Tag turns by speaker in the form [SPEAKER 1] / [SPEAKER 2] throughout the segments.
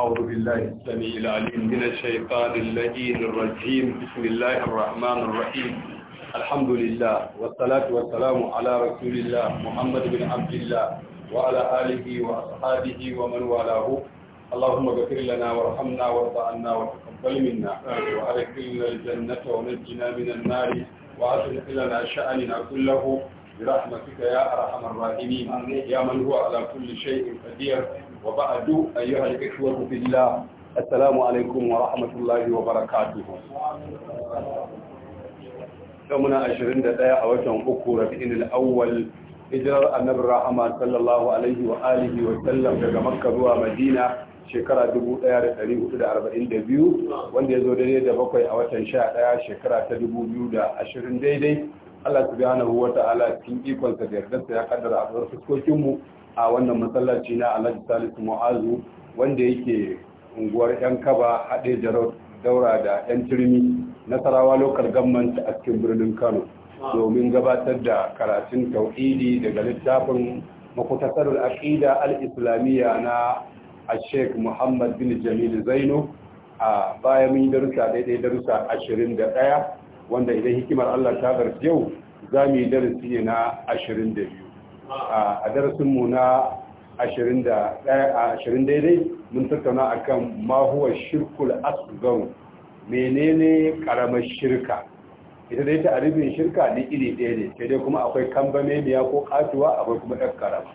[SPEAKER 1] أعوذ بالله السميع العليم من الشيطان اللئيم الرجيم بسم الله الرحمن الرحيم الحمد لله والصلاة والسلام على رسول الله محمد بن عبد الله وعلى آله وأصحابه ومن والاه اللهم اغفر لنا وارحمنا وارض عنا وتقبل منا وأدخلنا الجنة ونجنا من النار وأصلح لنا شأننا كله برحمتك يا أرحم الراحمين يا من هو على كل شيء قدير وبعد أيها الإخوة في الله السلام عليكم ورحمة الله وبركاته يومنا عشرين دقيقة وشن أكو ربعين الأول hijirar annabi rahama sallallahu alaihi wa wa sallam daga makka zuwa madina shekara 1442 wanda ya zo daidai da bakwai a watan sha 11 shekara ta 2020 daidai Allah subhanahu wa ta'ala cikin ikonsa da yardarsa ya kaddara a tsoron a wannan masallaci na alhaji salisu mu'azu wanda yake unguwar yan kaba haɗe da daura da yan turmi nasarawa lokal gammanta a cikin birnin kano domin gabatar da karatun tauhidi daga littafin makutasarul al'aƙida al-islamiyya na Sheikh Muhammad bin Jamil Zaino a bayan mun darussa daidai darussa ɗaya wanda idan hikimar Allah ta yau yau mu yi darasi ne na biyu. a darasinmu na 21 20 daidai mun tattauna akan kan shirkul asghar menene karamar shirka ita dai ta arifin shirka ne iri ɗaya ne sai dai kuma akwai kambamemiya miya ko katuwa akwai kuma ɗan karama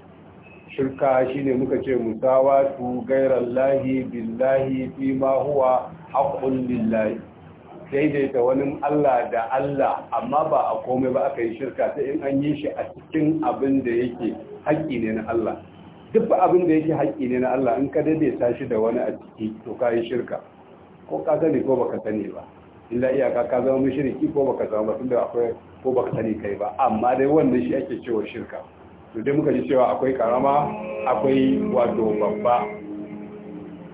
[SPEAKER 1] shirka shine muka ce musawatu gairar lahi billahi fi mahuwa, haƙƙun lillahi daidaita wani Allah da Allah amma ba a komai ba aka yi shirka sai in an yi shi a cikin abin da yake haƙƙi ne na Allah duk abin da yake haƙƙi ne na Allah in ka daidaita shi da wani a ciki to ka yi shirka ko ka sani ko baka sani ba illa iyaka ka zama mushriki ko baka zama ba da akwai ko baka sani kai ba amma dai wannan shi ake cewa shirka to dai muka ji cewa akwai karama akwai wato babba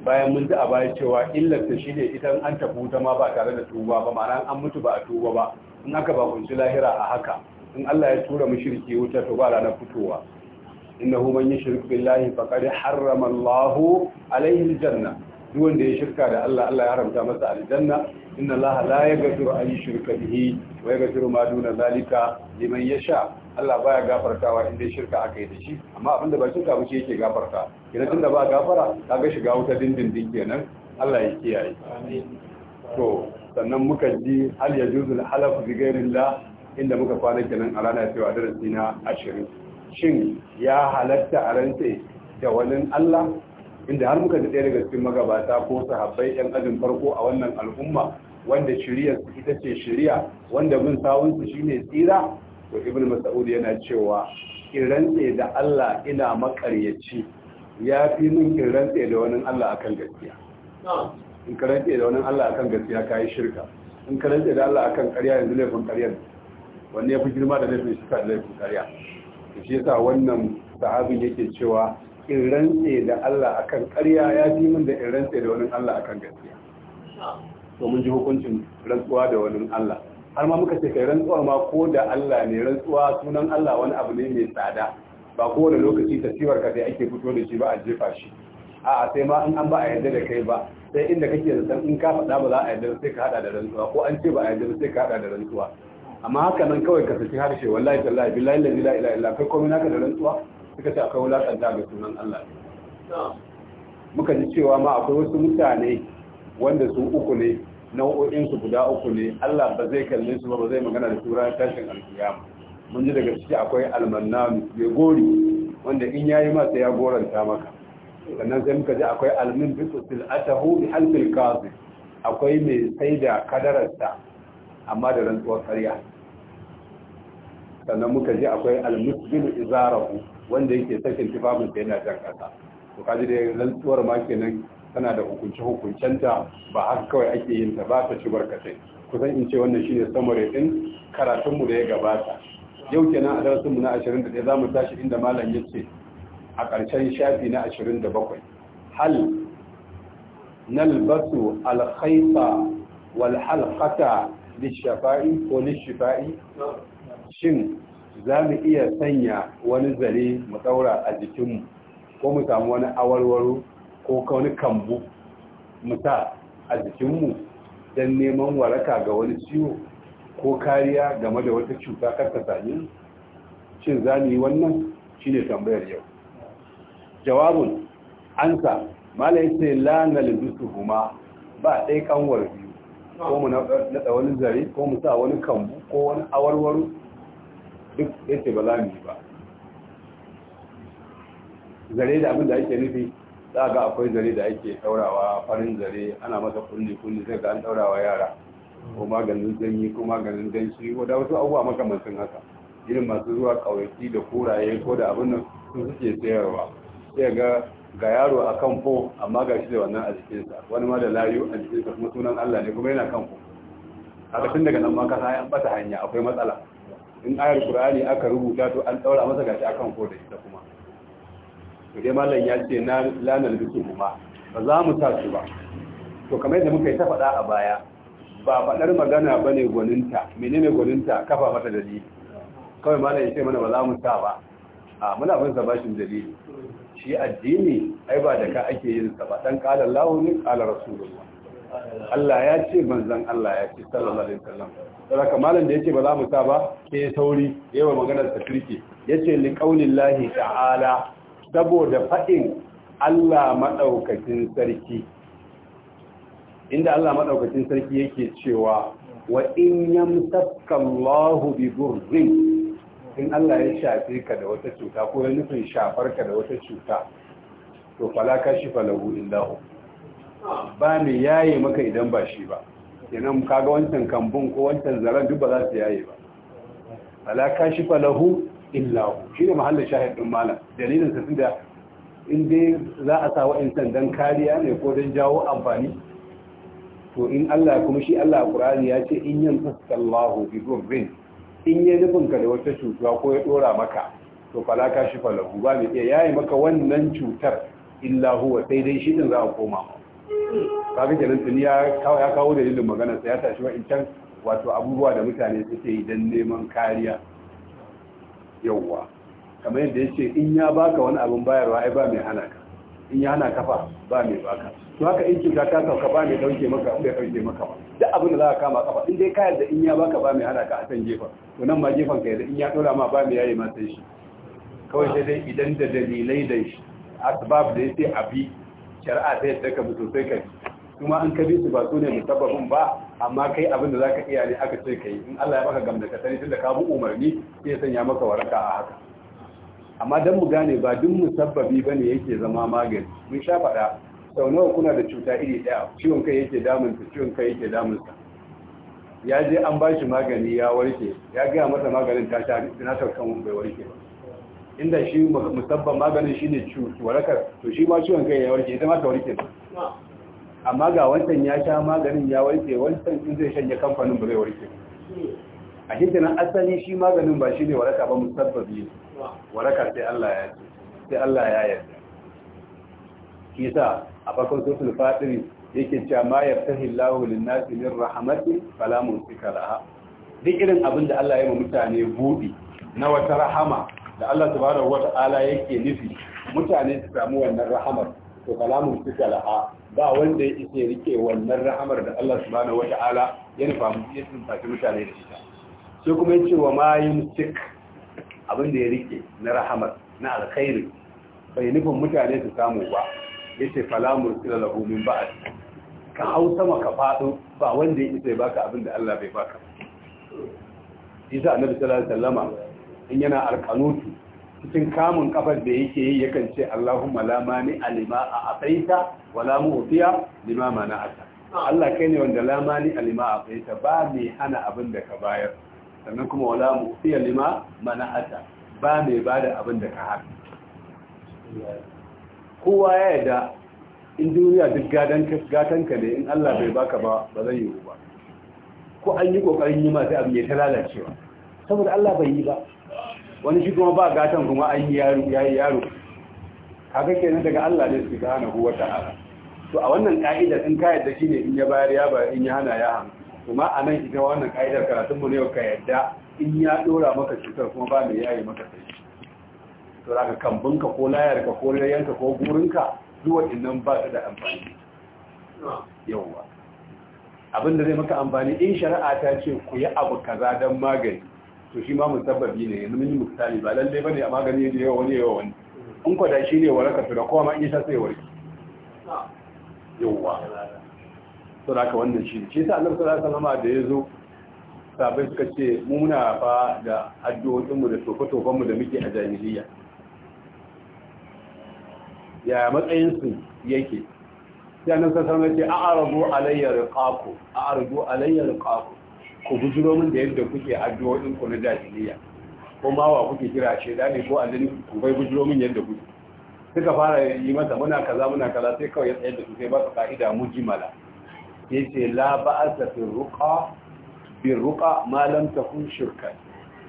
[SPEAKER 1] bayan mun ji a baya cewa illar shi ne idan an tafi wuta ma ba tare da tuba ba ma'ana an mutu ba a tuba ba in aka ba kunshi lahira a haka in Allah ya tura shirki wuta to ba ranar fitowa innahu man yushrik billahi faqad harrama Allah alayhi aljanna duk wanda ya shirka da Allah Allah ya haramta masa aljanna inna Allah la yaghfiru an yushrika bihi wa yaghfiru ma duna zalika liman yasha Allah baya gafartawa inda shirka aka yi da shi amma abinda ba shirka ba shi yake gafarta idan tunda ba gafara ga shiga wuta dindindin kenan Allah ya kiyaye to sannan muka ji hal juzul halaf bi ghairillah inda muka kwana kenan a ranar cewa darasi na 20 shin ya halatta a rantse da wannan Allah inda har muka ji ɗaya daga cikin magabata ko sahabbai yan ajin farko a wannan al'umma wanda shiriyar ita ce shiriya wanda bin sawunsu shine tsira to ibn mas'ud yana cewa in rantse da Allah ina makaryaci ya fi min in rantse da wani Allah akan gaskiya in ka rantse da wani Allah akan gaskiya ka yi shirka in ka rantse da Allah akan ƙarya yanzu laifin ƙaryar wanne ya fi girma da laifin shirka da laifin ƙarya shi yasa wannan sahabin yake cewa in rantse da Allah akan ƙarya ya fi min da in rantse da wani Allah akan gaskiya to mun ji hukuncin rantsuwa da wani Allah har ma muka ce kai rantsuwa ma ko da Allah ne rantsuwa sunan Allah wani abu ne mai tsada ba kowane lokaci tasiwar ka sai ake fito da shi ba a jefa shi a'a sai ma in an ba a yarda da kai ba sai inda kake da san in ka faɗa ba za a yarda sai ka hada da rantsuwa ko an ce ba a yarda sai ka hada da rantsuwa amma haka nan kawai ka saki harshe wallahi tallahi billahi la ilaha illa kai komai naka da rantsuwa suka ce akwai wulaƙanta ga sunan
[SPEAKER 2] Allah
[SPEAKER 1] muka ji cewa ma akwai wasu mutane wanda su uku ne nau'o'in su guda uku ne Allah ba zai kalle su ba ba zai magana da tura tashin alkiyama mun ji daga ciki akwai almannanu ya gori wanda in yayi ma sai ya goranta maka sannan sai muka ji akwai almin bi silatahu bi halfil kazi akwai mai saida kadararsa amma da rantsuwar ƙarya sannan muka ji akwai almusbil izarahu wanda yake sakin tufafin sai yana jan kasa to kaji da rantsuwar ma kenan tana da hukunce hukuncenta ba haka kawai ake yin ta ba ta ci barkatai kusan in ce wannan shine summary din karatunmu da ya gabata yau kenan a mu na 21 zamu tashi inda malam yace a ƙarshen shafi na 27 hal nalbasu alkhaita wal halqata lishafa'i ko lishifa'i shin za mu iya sanya wani zare mu daura a jikinmu ko mu samu wani awarwaro ko ka wani kambu musa a jikinmu don neman waraka ga wani ciwo ko kariya game da wata cuta karka sami cin za wannan shi ne tambayar yau jawabin ansa malai ce lanarin zutu kuma ba ɗai kanwar biyu ko mu naɗa wani zare ko mu sa wani kambu ko wani awarwaru duk yake ba za ba zare da abin da ake nufi za ga akwai zare da ake daurawa farin zare ana masa kulli kulli sai ga an daurawa yara ko maganin zanyi ko maganin danshi ko da wasu abubuwa makamantan haka irin masu zuwa kauyaki da kuraye ko da abin nan su suke sayarwa sai ga ga yaro a kan fo amma ga shi da wannan a jikinsa wani ma da layu a jikinsa kuma sunan Allah ne kuma yana kan fo a tun daga nan ma kasa an bata hanya akwai matsala in ayar qur'ani aka rubuta to an daura masa gashi akan fo da ita kuma dai mallan ya ce na lanar bisu kuma ba za mu sa su ba to kamar yadda muka yi ta faɗa a baya ba faɗar magana ba ne gwaninta menene gwaninta kafa mata dali kawai mallan ya ce mana ba za mu sa ba a muna bin sabashin bashin shi addini ai ba da ka ake yin sa ba dan qala Allahu ne qala rasulullah Allah ya ce manzon Allah ya ce sallallahu alaihi wasallam saboda malam da ce ba za mu sa ba ke sauri yawa maganar sa kirki yace li qaulillahi ta'ala saboda faɗin Allah maɗaukacin sarki inda Allah maɗaukacin sarki yake cewa wa in yamsaka Allahu bi burrin in Allah ya shafe ka da wata cuta ko ya nufin shafar ka da wata cuta to fala kashifa lahu illahu ba mai yaye maka idan ba shi ba kenan kaga wancan kambun ko wancan zaran duk ba za su yaye ba fala kashifa lahu illa shi ne mahallin shahid din malam dalilin sa tunda in dai za a sa wa'insan dan kariya ne ko dan jawo amfani to in Allah kuma shi Allah Qur'ani ya ce in yantaska Allahu bi dhurrin in ya nufin ka da wata cutuwa ko ya dora maka to fala ka shi falahu ba mai iya yayi maka wannan cutar illa wa sai dai shi din za a koma kaga kenan tuni ya kawo ya kawo dalilin magana sai ya tashi wa'incan wato abubuwa da mutane suke yi dan neman kariya yawwa kamar yadda ya ce in ya baka wani abin bayarwa ai ba mai hana ka in ya hana kafa ba mai baka to haka in cuta ta sauka ba mai dauke maka ba bai dauke maka ba duk abin da za ka kama kafa in dai ka yarda in ya baka ba mai hana ka a san jefa to nan ma jefan ka yarda in ya dora ma ba mai yayi ma sai shi kawai sai dai idan da dalilai da asbab da yace abi shari'a ta yadda ka bi sosai kai kuma an kabi su ba su ne musabbabin ba amma kai abin da zaka iya ne aka ce kai in Allah ya maka gamda ka sani tunda ka bu umarni sai sanya maka waraka a haka amma dan mu gane ba duk musabbabi bane yake zama magani mun sha faɗa sau nawa kuna da cuta iri ɗaya ciwon kai yake damun sa ciwon kai yake damun sa ya je an ba shi magani ya warke ya gaya masa maganin ta ta na kan bai warke ba inda shi musabbab maganin shine cuta waraka to shi ma ciwon kai ya warke ita ma ta warke ba amma ga wancan ya sha maganin ya warke wancan in zai shanye kamfanin ba zai warke a hitinan asali shi maganin ba shi ne waraka ba musabbabi waraka sai Allah ya sai Allah ya yarda kisa a bakon sosul fadiri yake cewa ma ya Allahu lin-nasi min rahmatin fala duk irin abin da Allah ya yi mutane buɗi na wata rahama da Allah subhanahu wata'ala yake nufi mutane su samu wannan rahamar to kalamun suka laha ba wanda ya isa rike wannan rahamar da Allah subhanahu wata'ala ya nufa mu ya tsinfaki mutane da ita sai kuma yace wa mayin sik abin da ya rike na rahamar na alkhairi bai nufin mutane su samu ba yace falamun suka lahu min ba'd ka hau sama ka fado ba wanda ya isa ya baka abin da Allah bai baka isa annabi sallallahu alaihi wasallama in yana alqanutu cikin kamun kafar da yake yi yakan ce Allahumma la mani alima a afaita wa la mu'tiya lima mana'ata Allah kai ne wanda la mani alima a afaita ba mai hana abin da ka bayar sannan kuma wa la mu'tiya lima mana'ata ba mai bada abin da ka hana kowa ya yarda in duniya duk gatan ka ne in Allah bai baka ba ba zai yiwu ba ko an yi kokarin yi ma sai abin ya ta saboda Allah bai yi ba wani shi kuma ba gatan kuma an yi yaro ya yi yaro kaga kenan daga Allah ne su gane huwa ta'ala to a wannan ka'ida in ka yadda shine in ya bayar ya bayar in ya hana ya hana kuma a nan ita wannan ka'idar karatun mu ne ka yadda in ya dora maka cutar kuma ba mai yayi maka sai to zaka kambinka ko layar ka ko layyanka ko gurinka zuwa innan ba su da amfani yawwa abinda zai maka amfani in shari'a ta ce ku yi abu kaza don magani to shi ma musabbabi ne yanzu mun yi misali ba lalle bane a magani da yawa wani yawa wani in kwada shi ne wa raka da kowa ma in sha sai warki yawa to da wannan shi shi yasa annabi sallallahu alaihi wasallam da yazo sabai suka ce mu muna fa da addu'o'in mu da tofa mu da muke a jahiliya ya matsayin su yake sai annabi sallallahu alaihi wasallam ya ce a'radu alayya riqaqu a'radu alayya riqaqu ku bujiro min da yadda kuke addu'o'in ku na jahiliya ko ma wa kuke kira sheda ne ko aljani ku bai bujiro min yadda kuke suka fara yi masa muna kaza muna kaza sai kawai ya tsayar da su sai ba su ka'ida mujmala yace la ba'asa fi ruqa bi ruqa ma lam takun shirka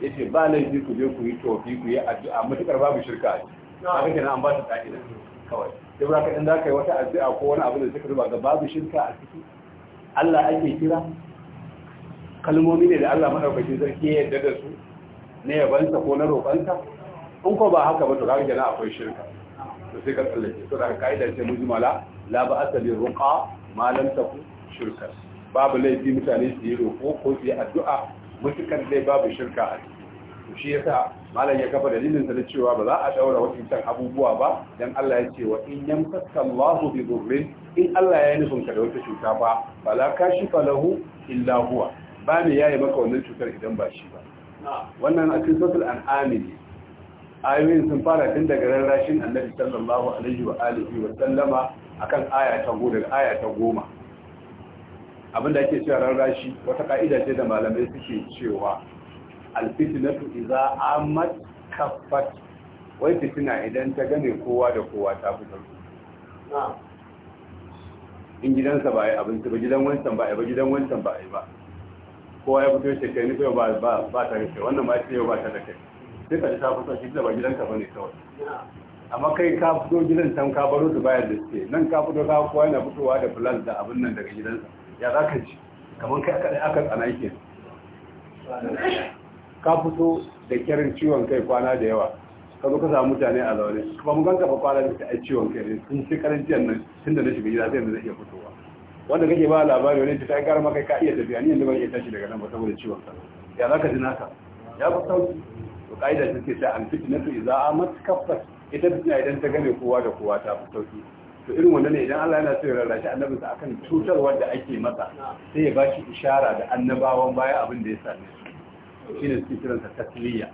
[SPEAKER 1] yace ba laifi ku je ku yi tofi ku yi addu'a mutakar babu shirka a cikin haka an ba su ka'ida kawai sai ba ka inda kai ka yi wata addu'a ko wani abu da suka ruba ga babu shirka a ciki Allah ake kira kalmomi ne da Allah madaukakin sarki ya yarda da su na yabansa ko na roƙonsa in ko ba haka ba to kaga jana akwai shirka to sai ka tsallake to daga kaidar ce mujmala la ba asali ruqa ma lam taku shirka babu laifi mutane su yi roƙo ko su yi addu'a mutukar dai babu shirka a ciki to shi yasa malam ya kafa dalilin sa cewa ba za a daura wadancan abubuwa ba dan Allah ya ce wa in yamsaka Allahu bi dhurrin in Allah ya nufin ka da wata cuta ba bala kashifa lahu illa huwa ba ne yi maka wannan cutar idan ba shi ba wannan a cikin suratul an ne ayoyin sun fara tun daga rarrashin annabi sallallahu alaihi wa alihi wa sallama akan aya ta goma daga aya ta 10 abinda ake cewa rarrashi wata ka'ida ce da malamai suke cewa alfitnatu idza amat Kafat wai fitina idan ta gane kowa da kowa ta
[SPEAKER 2] fitar
[SPEAKER 1] in gidansa ba yi abinci ba gidan wancan ba yi ba gidan wancan ba yi ba kowa ya fito shi kai ni ba ba ba ta kai wannan ma ce ba ta da kai sai ka ta fito shi da ba gidanka bane kawai amma kai ka fito gidan can ka baro bayar da suke nan ka fito ka kowa yana fitowa da plan da abin nan daga gidansa ya za ka ji kamar kai aka aka tsana yake ka fito da kirin ciwon kai kwana da yawa ka zo ka samu mutane a zaune ba mun ganka ba kwana da ai ciwon kai ne sun ci karancin nan tunda na shiga gida sai yanzu zai iya fitowa wanda kake ba labari wani ta ta karama kai ka iya tafiya ni yanzu ban iya tashi daga nan ba saboda ciwon sa ya zaka ji naka ya fi sauki to kaida ta ce ta alfitnatu idza amat kaffat ita fitna idan ta game kowa da kowa ta fi sauki to irin wannan ne idan Allah yana so ya rarrashi annabinsa akan cutarwar da ake masa sai ya ba shi ishara da annabawan baya abin da ya same su shine suke kiransa tasliya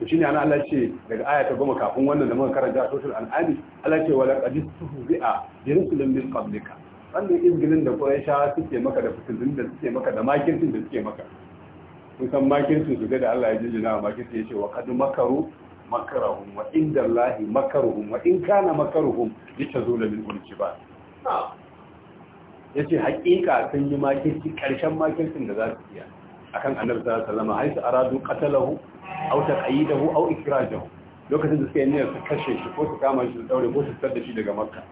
[SPEAKER 1] to shine ana Allah ce daga aya ta goma kafin wannan da muka karanta a sosul al'ani Allah ce wala qad tuhubi'a bi rusulin min qablika wanda izgilin da koyan sha suke maka da fitilin da suke maka da makircin da suke maka kun san makircin su ga da Allah ya jinjina wa makircin ya ce wa kad makaru makarahum wa inda Allah makaruhum wa in kana makaruhum yatazula min ulki ba yace hakika sun yi makirci karshen makircin da za su iya akan annabi sallallahu alaihi wasallam haisu aradu qatalahu aw taqayidahu aw ikrajahu lokacin da suka yi niyyar su kashe shi ko su kama shi su daure ko su fitar shi daga makka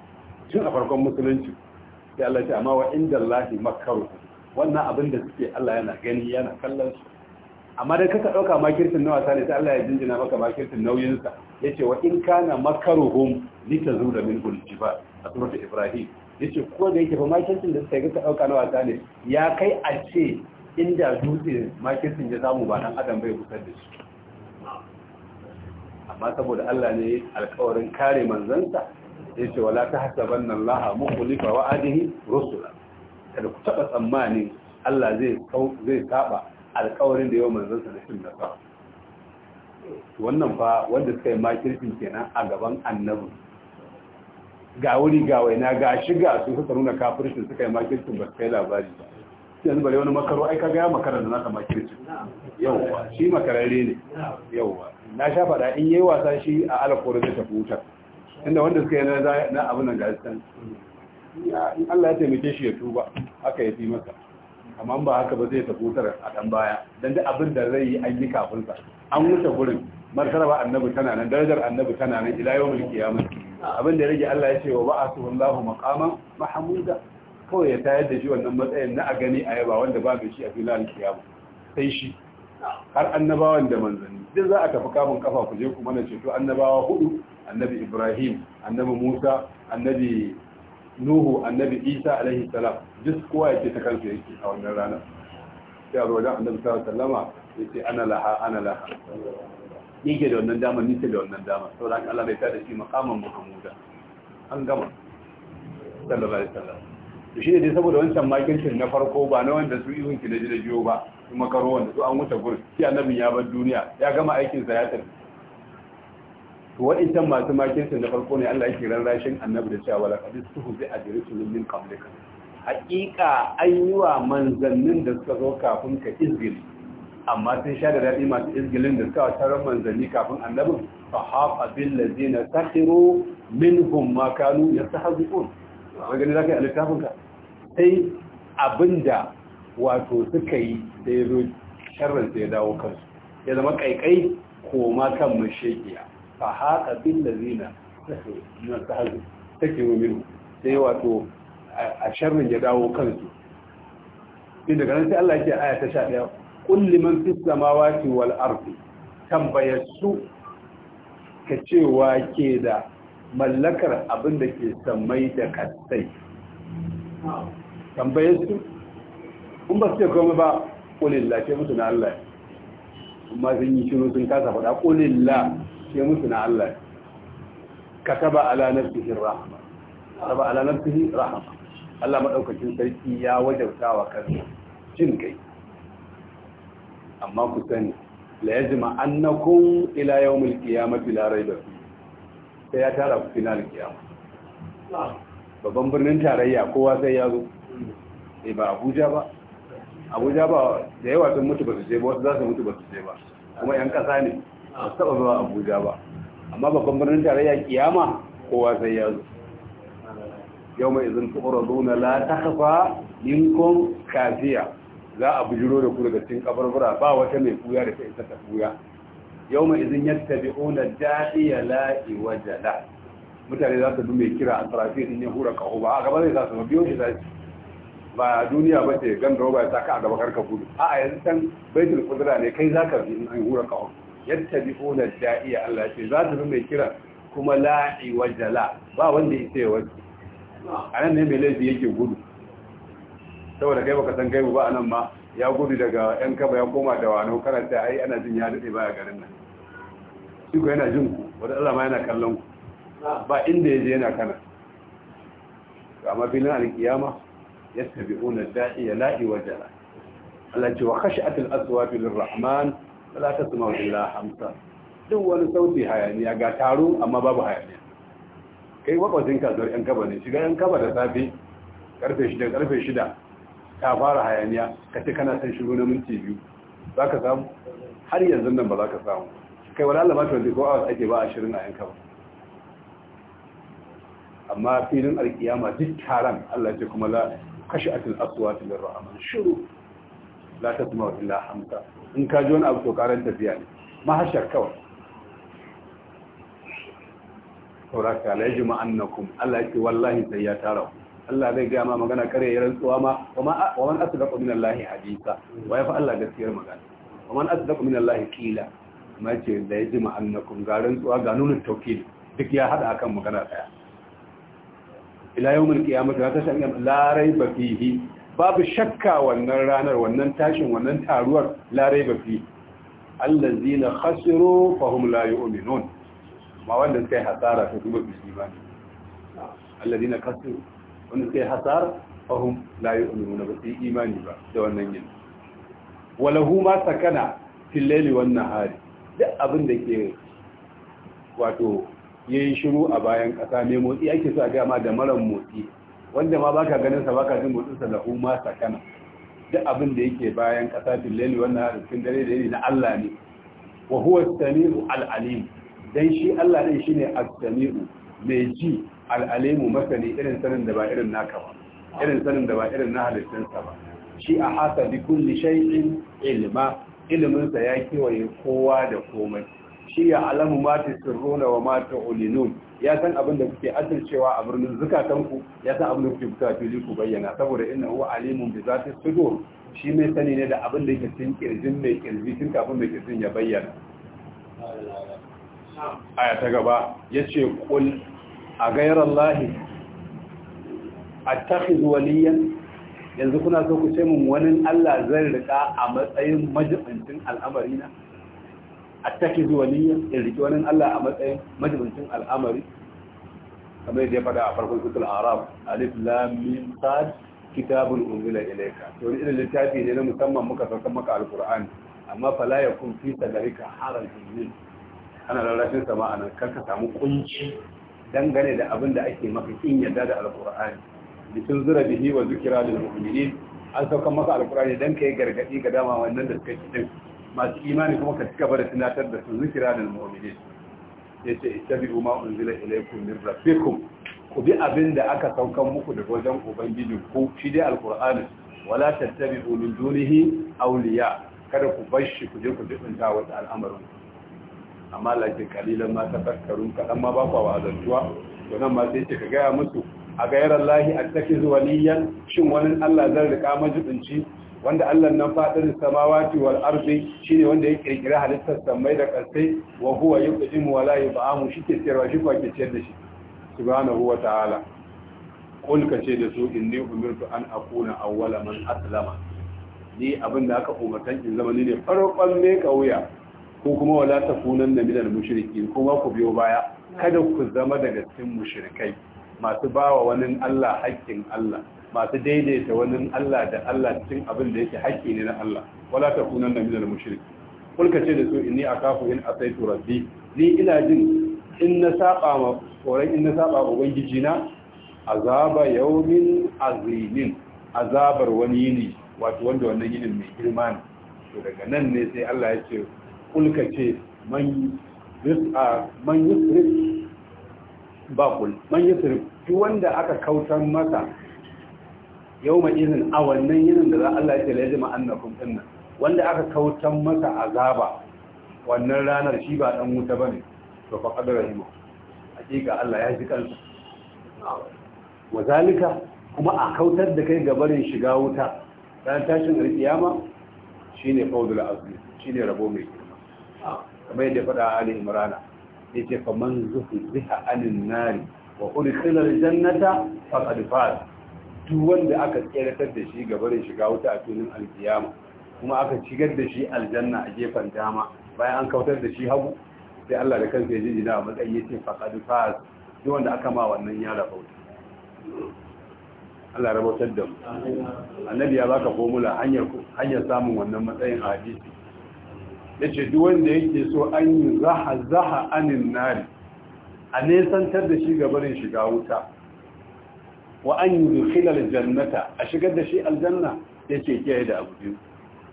[SPEAKER 1] tun a farkon musulunci sai Allah ce amma wa inda lahi makaru wannan abin da suke Allah yana gani yana kallon su amma dai kaka dauka makirtin na wasa ne sai Allah ya jinjina maka makirtin nauyin sa yace wa in kana makaruhum min minhu aljibal a da ibrahim yace ko da yake fa makirtin da sai kaka dauka na wasa ne ya kai a ce inda dutse makirtin ya samu ba dan adam bai kusar da shi amma saboda Allah ne alƙawarin kare manzansa ce wala ta nan muku allaha wa adihi rusula kada ku taba tsammani Allah zai saba alƙawarin da yau manzansa da shin nasa sa wannan fa wanda suka yi makirfin kenan a gaban annabi ga wuri ga waina ga shiga su suka nuna kafircin suka yi makircin ba su kai labari ba yanzu bare wani makaro ai ka gaya makara da naka makircin yauwa shi makararre ne yauwa na sha faɗa in yi wasa shi a alƙawarin zai tafi wutar inda wanda suka yi a abin nan gashi in Allah ya taimake shi ya tuba haka ya fi masa amma ba haka ba zai tafutar a dan baya dan da abin da zai yi an yi kafin sa an wuce gurin martaba annabi tana nan darajar annabi tana nan ila yawmul qiyamah abin da rage Allah ya ce wa ba'athu Allahu makaman mahmuda kawai ya tayar da shi wannan matsayin na a gani a yaba wanda ba mai shi a filal kiyama sai shi har annabawan da manzanni duk za a tafi kamun kafa ku je ku mana ceto annabawa hudu annabi ibrahim annabi musa annabi nuhu annabi isa alaihi salam duk kowa yake ta kansa yake a wannan ranar sai a rojan annabi sallallahu sallama ya ce ana laha ana laha yake da wannan dama nike da wannan dama saboda haka Allah bai tada shi makaman muhammuda an gama sallallahu alaihi wasallam to shi ne dai saboda wancan makincin na farko ba na wanda su ihun ki da jiyo ba kuma karo wanda su an wuce gurin shi annabi ya bar duniya ya gama aikinsa ya tafi to waɗancan masu makinsu na farko ne Allah yake rashin annabi da cewa la qad a ajrukum min qablika haƙiƙa an yi wa manzannin da suka zo kafin ka izgil amma sun sha da daɗi masu izgilin da suka tarar manzanni kafin annabin fa hafa bil ladina sakhiru minhum ma kanu yastahzi'un wai gani zaka yi littafin ka sai abinda wato suka yi da ya zo sharrin sai ya dawo kansu ya zama kaikai koma kan mashekiya fa haka bin lazina na sahazu take minu sai wato a sharrin ya dawo kansu din daga nan sai Allah ke aya ta 11 qul liman fis samawati wal ardi tambayassu ka cewa ke da mallakar abin da ke samai da kasai tambayassu kun ba su ce komai ba qulillah ke mutu na Allah amma sun yi shiru sun kasa faɗa qulillah ce musu na Allah taba ala nafsihi rahma taba ala nafsihi rahma Allah madaukakin sarki ya wajauta wa kansa jin kai amma ku sani la yajma annakum ila yawmil qiyamati la rayba sai ya tara ku final qiyama babban birnin tarayya kowa sai ya zo sai eh, ba Abuja ba Abuja ba da yawa sun mutu ba su je ba wasu za su mutu ba su je ba kuma yan kasa ne a su zuwa abuja ba amma babban birnin tarayya kiyama kowa sai ya zo yau mai izin tuɓura zuna la ta kafa ninkon kafiya za a bujiro da ku daga cikin kabarbura ba wata mai kuya da ta isa ta kuya yau mai izin yadda bi ona daɗiya la'i wajala mutane za su bi mai kira a tarafi din ya hura kaho ba a gaba zai za su biyo shi za ba duniya ba ce gan roba ya saka a gaba karka gudu a a yanzu can baitul kudura ne kai za ka bi in an hura kaho yattabi'una da'iya Allah ce za ta mai kira kuma la'i wajala ba wanda ya sai wani nan ne mai laifi yake gudu saboda kai baka san gaibu ba nan ma ya gudu daga yan kaba ya koma da wani karanta ai ana jin ya dade baya garin nan shi yana jin ku wanda Allah ma yana kallon ku ba inda je yana kana amma filin alkiyama yattabi'una da'iya la'i wajala Allah ce wa khashi'atul aswati lirrahman la ta suma illa hamsa duk wani sauti hayaniya ga taro amma babu hayaniya kai makwacin kasuwar yan kaba ne shiga yan kaba da safe karfe shida karfe shida ta fara hayaniya ka ce kana san shiru na minti biyu za ka samu har yanzu nan ba za ka samu kai wani allama 24 hours ake ba ashirin a yan kaba amma filin alkiyama duk taron allah ce kuma la kashi atil aswati min rahman shiru la tasma'u illa hamsa in ka ji wani abu to karan tafiya ne mahashar kawai sauraka la yajma annakum Allah yake wallahi sai ya tara ku Allah zai ga ma magana kare ya rantsuwa ma kuma wa man asdaqu min Allah hadisa wa yafa Allah gaskiyar magana wa man asdaqu min Allah qila kuma yace la yajma annakum ga rantsuwa ga nunut tawkil duk ya hada akan magana daya ila yawmil qiyamah ta tashan la raiba fihi babu shakka wannan ranar wannan tashin wannan taruwar larai ba fi allazi na khasiru fahim la yu'minun ma wanda suka yi hasara ta kuma bisi ba ne allazi na khasiru wanda suka yi hasara fahim la yu'minun ba su yi imani ba da wannan yin walahu ma sakana fil wannan hari. nahari duk abin da ke wato ya yayin shiru a bayan ƙasa mai motsi ake so a ga da maran motsi wanda ma baka ganin sa baka jin motsin sa lahu ma sakana duk abin da yake bayan kasa billahi wannan cikin dare da yini na Allah ne wa huwa as-sami'u al-alim dan shi Allah din shine as-sami'u mai ji al-alimu masani irin sanin da ba irin naka ba irin sanin da ba irin na halittun sa ba shi a hasa bi kulli shay'in ilma ilmin sa ya kewaye kowa da komai shi ya alamu mati sirruna wa ma ulinun ya san abin da kuke asircewa a birnin zukatanku ya san abin da kuke fita fili ku bayyana saboda inna huwa alimun bi zati sudur shi mai sani ne da abin da yake cikin kirjin mai kirji tun kafin mai kirjin ya bayyana aya ta gaba yace qul a gairar lahi attakhidhu waliyan yanzu kuna so ku ce mun wani Allah zai rika a matsayin majibincin al'amarina attaki waliya in riki wani Allah a matsayin majibincin al'amari kamar yadda ya faɗa a farkon sutul arab alif lam mim sad kitabun unzila ilayka to wani irin littafi ne na musamman muka sauka maka alqur'ani amma fala yakun fi sadrika haral min ana rarrafin sa ma'anan kar ka samu kunci dangane da abin da ake maka kin yarda da alqur'ani bikin zura bihi wa zikra lil mu'minin an sauka maka alqur'ani dan kai gargadi ga dama wannan da suka ci din masu imani kuma ka cika bada tunatar da sun zikira da mu'mini yace ittabi'u ma unzila ilaykum min rabbikum ku bi abin da aka saukan muku daga wajen ubangiji ku shi dai alqur'ani wala tattabi'u min dunihi awliya kada ku bashi shi ku je ku dinta wasu al'amarin amma lakin kalilan ma tafakkarun kadan ma ba ku wa'azantuwa to nan ma sai ce ka gaya musu a gairar lahi a take zuwaniyan shin wani Allah zan rika majibinci wanda Allah nan fadin samawati wal ardi shine wanda ya kirkira halittar samai da kasai wa huwa yuqdimu wa la yub'amu shike ciyarwa shi kwake ce da shi subhanahu wa ta'ala qul kace da su inni umirtu an akuna awwala man aslama ni abinda aka umartan in zama ne farkon me kauya ko kuma wala takunan na minal mushrikin kuma ku biyo baya kada ku zama daga cikin mushrikai masu bawa wani Allah haƙƙin Allah masu daidaita wani Allah da Allah cikin abin da yake haƙƙi ne na Allah wala ta kunan na minal mushrik kulka ce da su inni akafu in asaitu rabbi ni ina jin in na saba ma koran in na saba ubangiji na azaba yawmin azimin azabar wani yini wato wanda wannan yinin mai girma ne to daga nan ne sai Allah ya ce kulka ce man yus'a man yusrif ba kul man yusrif duk wanda aka kautar masa yau ma izin a wannan yinin da za Allah ya laji ma'annakun ɗinna wanda aka kautan masa azaba wannan ranar shi ba ɗan wuta ba ne to fa ƙadar rahima hakika Allah ya ji kansa wa zalika kuma a kautar da kai gabarin shiga wuta ran tashin alkiyama shine fawdul azmi ne rabo mai girma kamar yadda faɗa Ali Imran ce fa man biha anin nari wa ulqila jannata faqad faz duk wanda aka tseratar da shi gaba da shiga wuta a filin alkiyama kuma aka shigar da shi aljanna a gefen dama bayan an kautar da shi hagu sai Allah da kansa ya ji jina a matsayin ce faqad faz duk wanda aka ma wannan ya rabu Allah ya rabautar da mu annabi ya baka formula hanyar hanyar samun wannan matsayin hadisi yace duk wanda yake so an yi zaha zaha anin nari a nesantar da shi gabarin shiga wuta wa an yudkhila jannata a shigar da shi aljanna ya yace kiyaye da abu biyu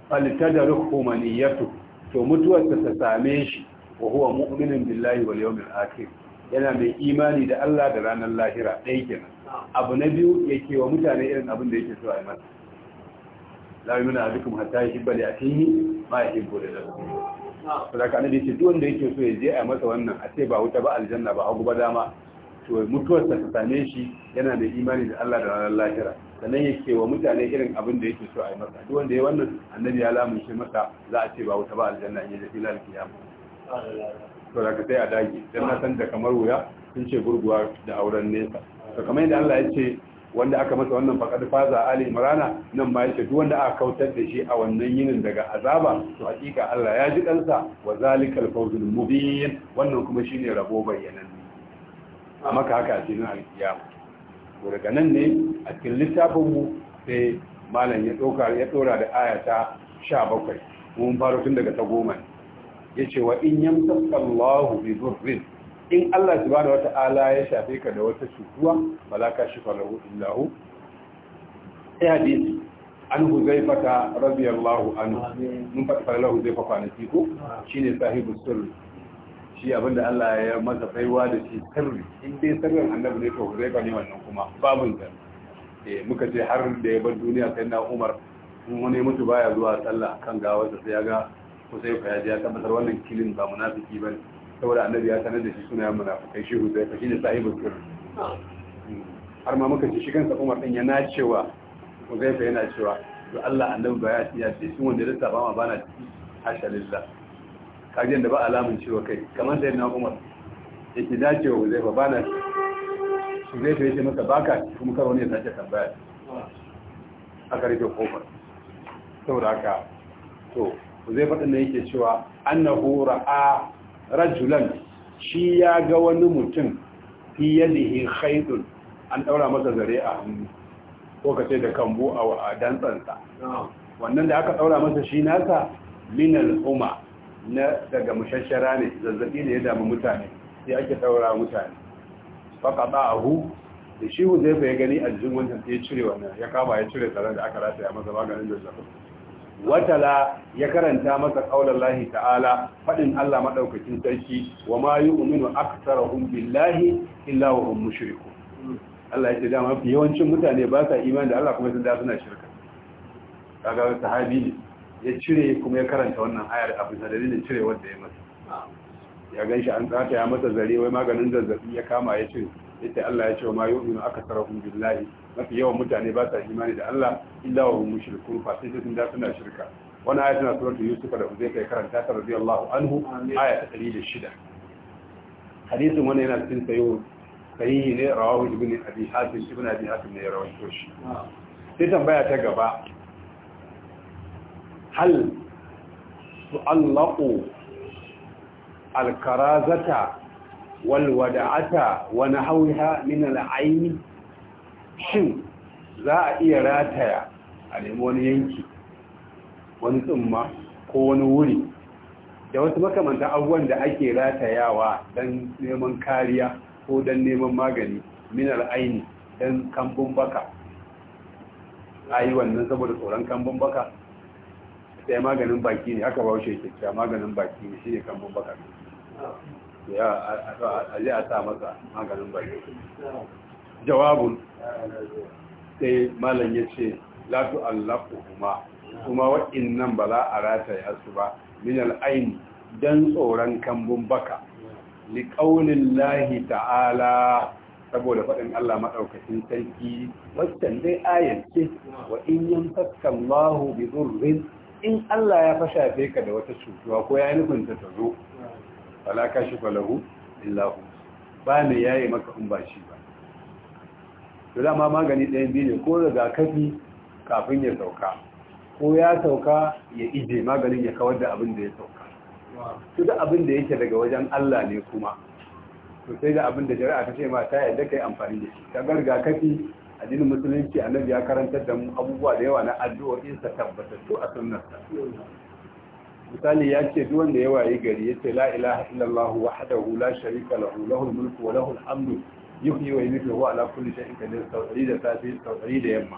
[SPEAKER 1] fal tadruhu maniyatu to mutuwarsa ta same shi wa huwa mu'minun billahi wal yawmil akhir yana mai imani da Allah da ranar lahira ɗaya kenan abu na biyu yake wa mutane irin abin da yake so a yi masa la yumina adukum hatta yuhibba li akhihi ma yuhibbu li nafsihi saboda kana da yake duk wanda yake so ya je a masa wannan a ce ba wuta ba aljanna ba hagu ba dama to mutuwar ta same shi yana da imani da Allah da ranar lahira sannan yake wa mutane irin abin da yake so a yi masa duk wanda ya wannan annabi ya shi masa za a ce ba wuta ba aljanna in ya tafi to da ka sai a dage dan na san da kamar wuya sun ce gurguwa da auren nesa to kamar yadda Allah ya ce wanda aka masa wannan faqad faza ali imrana nan ma yake duk wanda aka kautar da shi a wannan yinin daga azaba to hakika Allah ya ji kansa wa zalikal fawzul mubin wannan kuma shine rabo bayyananne a maka haka a cikin alkiyama to daga nan ne a cikin littafin mu sai malam ya tsora ya ɗora da aya ta 17 mun faro tun daga ta goma ya ce wa in yamsaka Allahu bi dhurrin in Allah su wata ala ya shafe ka da wata cutuwa ka shifa lahu illahu sai hadisi an huzaifata radiyallahu anhu mun faɗi fara lahu zai na kwanaki shi ne sahibu sirri shi abinda Allah ya masa faiwa da shi sirri in dai sirrin annabi ne to zai bane wannan kuma babun da eh muka ce har da ya bar duniya sai na Umar in wani mutu baya zuwa sallah kan gawarsa sai ya ga Husayfa ya ji ya tabbatar wannan kilin ba munafiki bane saboda annabi ya sanar da shi suna yan munafikai shi Husayfa shine sahibul sirri hmm. har ma muka ce shi kansa Umar din yana cewa Husayfa yana cewa to Allah annabi ba ya ce shi wanda ya lissafa ma bana ciki hasha lillah kajin da ba alamun ciwo kai kamar sai na umar ya ki dace wa zai ba bana su zai ta ce maka baka kuma karo ne sake tambaya a karfe kofar saboda haka to zai faɗin na yake cewa annahu ra'a rajulan shi ya ga wani mutum fi yadihi khaydun an daura masa zare a hannu ko ka ce da kambu a dantsansa wannan da aka daura masa shi nasa minal al-umma na daga mushashara ne zazzabi ne ya damu mutane sai ake daura mutane faka hu, da shi hu zai ya gani aljin wancan sai ya cire wannan ya kama ya cire tsaron da aka rataya masa maganin da zafi watala ya karanta masa kaular lahi ta'ala faɗin Allah maɗaukakin sarki wa ma yi uminu aksarahum billahi illa wa hum mushriku Allah ya ce dama yawancin mutane ba sa imani da Allah kuma sun da suna shirka kaga sahabi ne ya cire kuma ya karanta wannan ayar a bisa dalilin cire wanda ya masa ya gan shi an tsata ya masa zare wai maganin zazzabi ya kama ya cire yace Allah ya ce ma aka akatharuhum billahi mafi yawan mutane ba sa imani da Allah illa wa hum mushrikun fa sai sun da suna shirka wannan ayatu na suratul yusuf da uzai kai karanta ta radiyallahu anhu aya ta 106 hadisin wannan yana cikin sayo sahihi ne rawahu ibn abi hatim ibn abi hatim ne rawaito shi sai tambaya ta gaba hal su tu'allaqu alkarazata walwada'ata Wani nahawha min al'ayn shin za a iya rataya a nemi wani yanki wani tsumma ko wani wuri da wasu makamantar abubuwan da ake ratayawa don neman kariya ko don neman magani min al'aini don kambun baka a yi wannan saboda tsoron kambun baka sai maganin baki ne aka ba shi kicciya maganin baki ne shine kan baka ya a a sa masa maganin baki jawabun sai malam yace ce tu allahu kuma kuma wa ba za a rataya su ba min ain dan tsoron kambun baka liƙaunin lahi ta'ala saboda faɗin Allah maɗaukacin sarki waccan dai ayance ce wa in yin Allahu bi dhurrin in Allah ya fashafe ka da wata cutuwa ko ya nufin ta zo wala kashi falahu illa ba ne yayi maka in ba shi ba to ma magani ɗayan biyu ne ko kafi kafin ya sauka ko ya sauka ya ije maganin ya kawar da abin da ya
[SPEAKER 2] sauka
[SPEAKER 1] to da abin da yake daga wajen Allah ne kuma to sai da abin da jari'a ta ce ma ta yadda kai amfani da shi ta gargakafi addinin musulunci annabi ya karantar da mu abubuwa da yawa na addu'o'in sa tabbatattu a sunnar misali ya ce duk wanda ya waye gari yace la ilaha illallah wahdahu la sharika lahu lahul mulku wa lahul hamdu yuhyi wa yumiitu wa ala kulli shay'in qadir sauri da safi sauri da yamma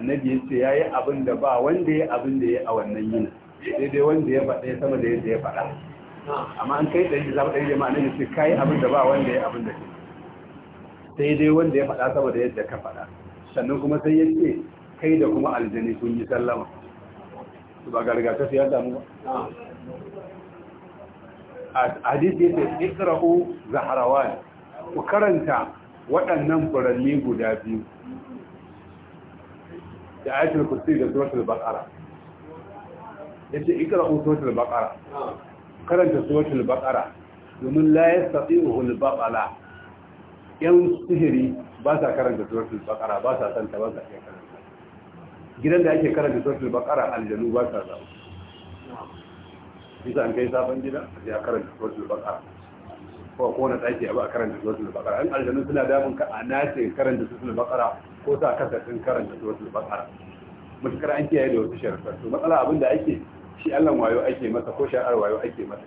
[SPEAKER 1] annabi yace yayi abin da ba wanda ya abin da ya a wannan yin daidai wanda ya faɗa sama da yadda ya faɗa amma an kai ɗari da zama ɗari da ma annabi ce kai abin da ba wanda ya abin da ke sai dai wanda ya faɗa saboda yadda ka faɗa sannan kuma sai ya ce kai da kuma aljani kun yi sallama su ba garga ta fiye damu
[SPEAKER 2] ba a hadisi ya ce
[SPEAKER 1] ikra'u zaharawan ku karanta waɗannan furanni guda biyu da ayatul kusur da bakara ya ce ikra'u suratul bakara karanta suratul bakara domin la yastati'u al-batala yan sihiri ba sa karanta suratul baqara ba sa santa ba sa iya karanta gidan da ake karanta suratul baqara aljanu ba sa zawo bisa an kai sabon gida a karanta suratul baqara ko ko na daki a ba karanta suratul baqara an aljanu suna damun ka a nace karanta suratul baqara ko sa kasafin karanta suratul baqara mutakar an kiyaye da wasu sharafar to matsala abinda ake shi Allah wayo ake masa ko sha'ar wayo ake masa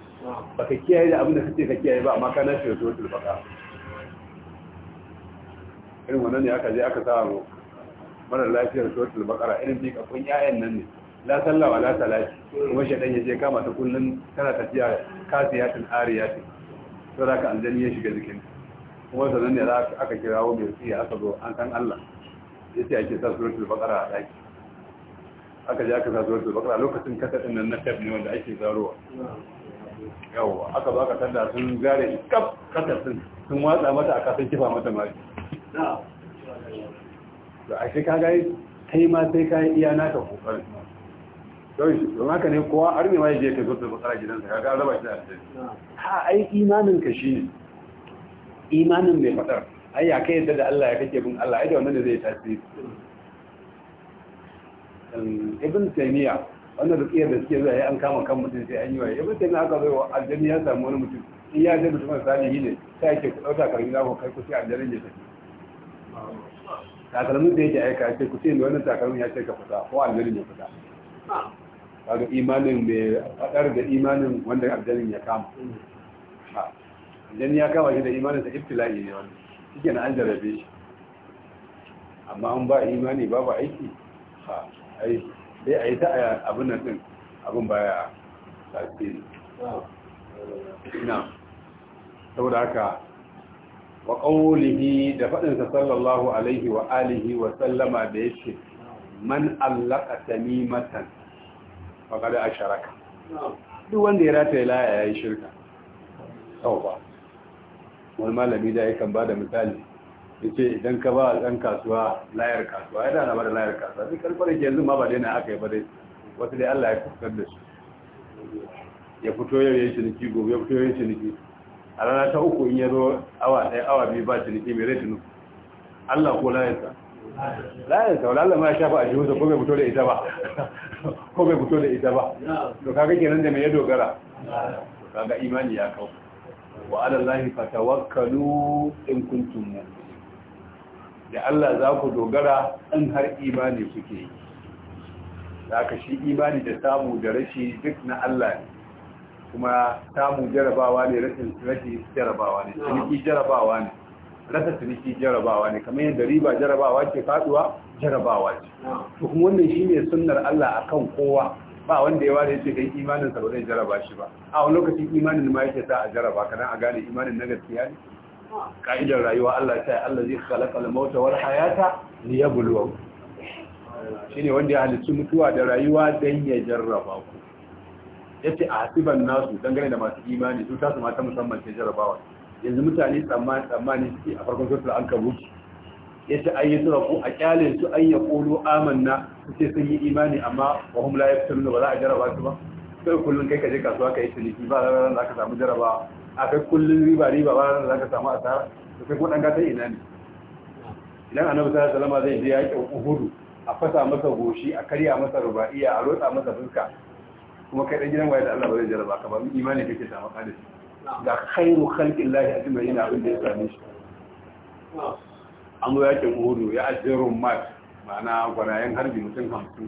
[SPEAKER 1] baka kiyaye da abinda kake ka kiyaye ba amma ka nace suratul baqara irin wannan ne aka je aka sa mu mara lafiyar shotul bakara irin bi kun yayan nan ne la sallawa la salati kuma shi dan yaje kama ta kullun tana tafiya kasiyatin ariyatin to da ka aljani ya shiga jikin kuma sanan ne aka kirawo mai tsiya aka zo an san Allah yace ake sa suratul baqara a daki aka je aka sa suratul baqara lokacin din nan na tab ne wanda ake zarowa yawa aka zo aka tanda sun gare kaf kasa sun watsa mata aka san kifa mata mai da a shi kaga kai ma sai kayi yi iya naka kokarin don shi don haka ne kowa har ne ma yaje ka zo da matsala gidansa Ka ga raba shi da aljanna ha ai imanin ka ne, imanin mai fadar ai ya kai yadda da Allah ya kake bin Allah ai da wannan da zai tasiri ibn taymiya wannan rukiyar da suke zuwa an kama kan mutum sai an yi waye ibn taymiya aka zo aljanni ya samu wani mutum in ya je mutum salihi ne sai ake ku dauka karbi za ku kai ku sai aljanna ya tafi takalmin da yake aika ce ku ce mai wannan takalmin ya ce ka fita ko aljanin ya fita kaga imanin mai fadar da imanin wanda aljanin ya kama aljanin ya kama shi da imanin sa ibtila'i ne wani, shike na an jarabe shi amma an ba imani babu aiki ai dai a yi ta abin nan din abin baya tasiri na saboda haka wa qawlihi da fadin sa sallallahu alaihi wa alihi wa sallama da yake man allaka tamimatan faqad asharaka duk wanda ya rataye ya yi shirka tauba wani malami da ba bada misali yace idan ka ba dan kasuwa layar kasuwa ya da ba da layar kasuwa sai karfare ke yanzu ma ba na aka yi ba dai wata dai Allah ya fuskar da su ya fito yau ya ciniki gobe ya fito yau ya ciniki a rana ta uku in yaro awa ɗaya awa biyu ba ciniki mai retinu Allah ko layinsa layinsa wala Allah ma ya shafa a jihunsa ko bai fito da ita ba ko bai fito da ita ba to kaga kenan da mai ya dogara kaga imani ya kau wa ala fatawakkalu in kuntum mu'minin da Allah za ku dogara in har imani kuke yi da shi imani da samu da rashi duk na Allah ne kuma samun jarabawa ne rashin jarabawa ne ciniki jarabawa ne rasa ciniki jarabawa ne kamar yadda riba jarabawa ce faduwa jarabawa ce to kuma wannan shine sunnar Allah akan kowa ba wanda ya ware yace kai imanin sa ba jaraba shi ba a wani lokacin imanin ma yake sa a jaraba kana a gane imanin na gaskiya ne ka'idar rayuwa Allah ta Allah zai khalaqa al-mauta wal hayata liyabluwakum shine wanda ya halicci mutuwa da rayuwa dan ya jarraba ku yace a hasiban nasu dangane da masu imani su tasu mata musamman ce jarabawa yanzu mutane tsammani tsammani suke a farkon sosai an kabuci yace yi sura ko a kyale su an ya kolo amanna ce sun yi imani amma wa hum la yaftununa ba za a jaraba su ba sai kullun kai ka je kasuwa ka yi ciniki ba ran da ka samu jaraba a kai kullun riba riba ba ran da ka samu asara sai kuma dan gatan ina ne idan annabi sallallahu alaihi wasallam zai je yaƙi uhudu a fasa masa goshi a karya masa rubaiya a rotsa masa fuska kuma kai dan gidan waye da Allah ba zai jarraba ka ba imani kake ta maka da
[SPEAKER 2] shi ga khairu khalqillahi
[SPEAKER 1] ajma'in abin da ya same shi an zo yakin uhudu ya ajiru mat ma'ana gwanayen harbi mutum hamsin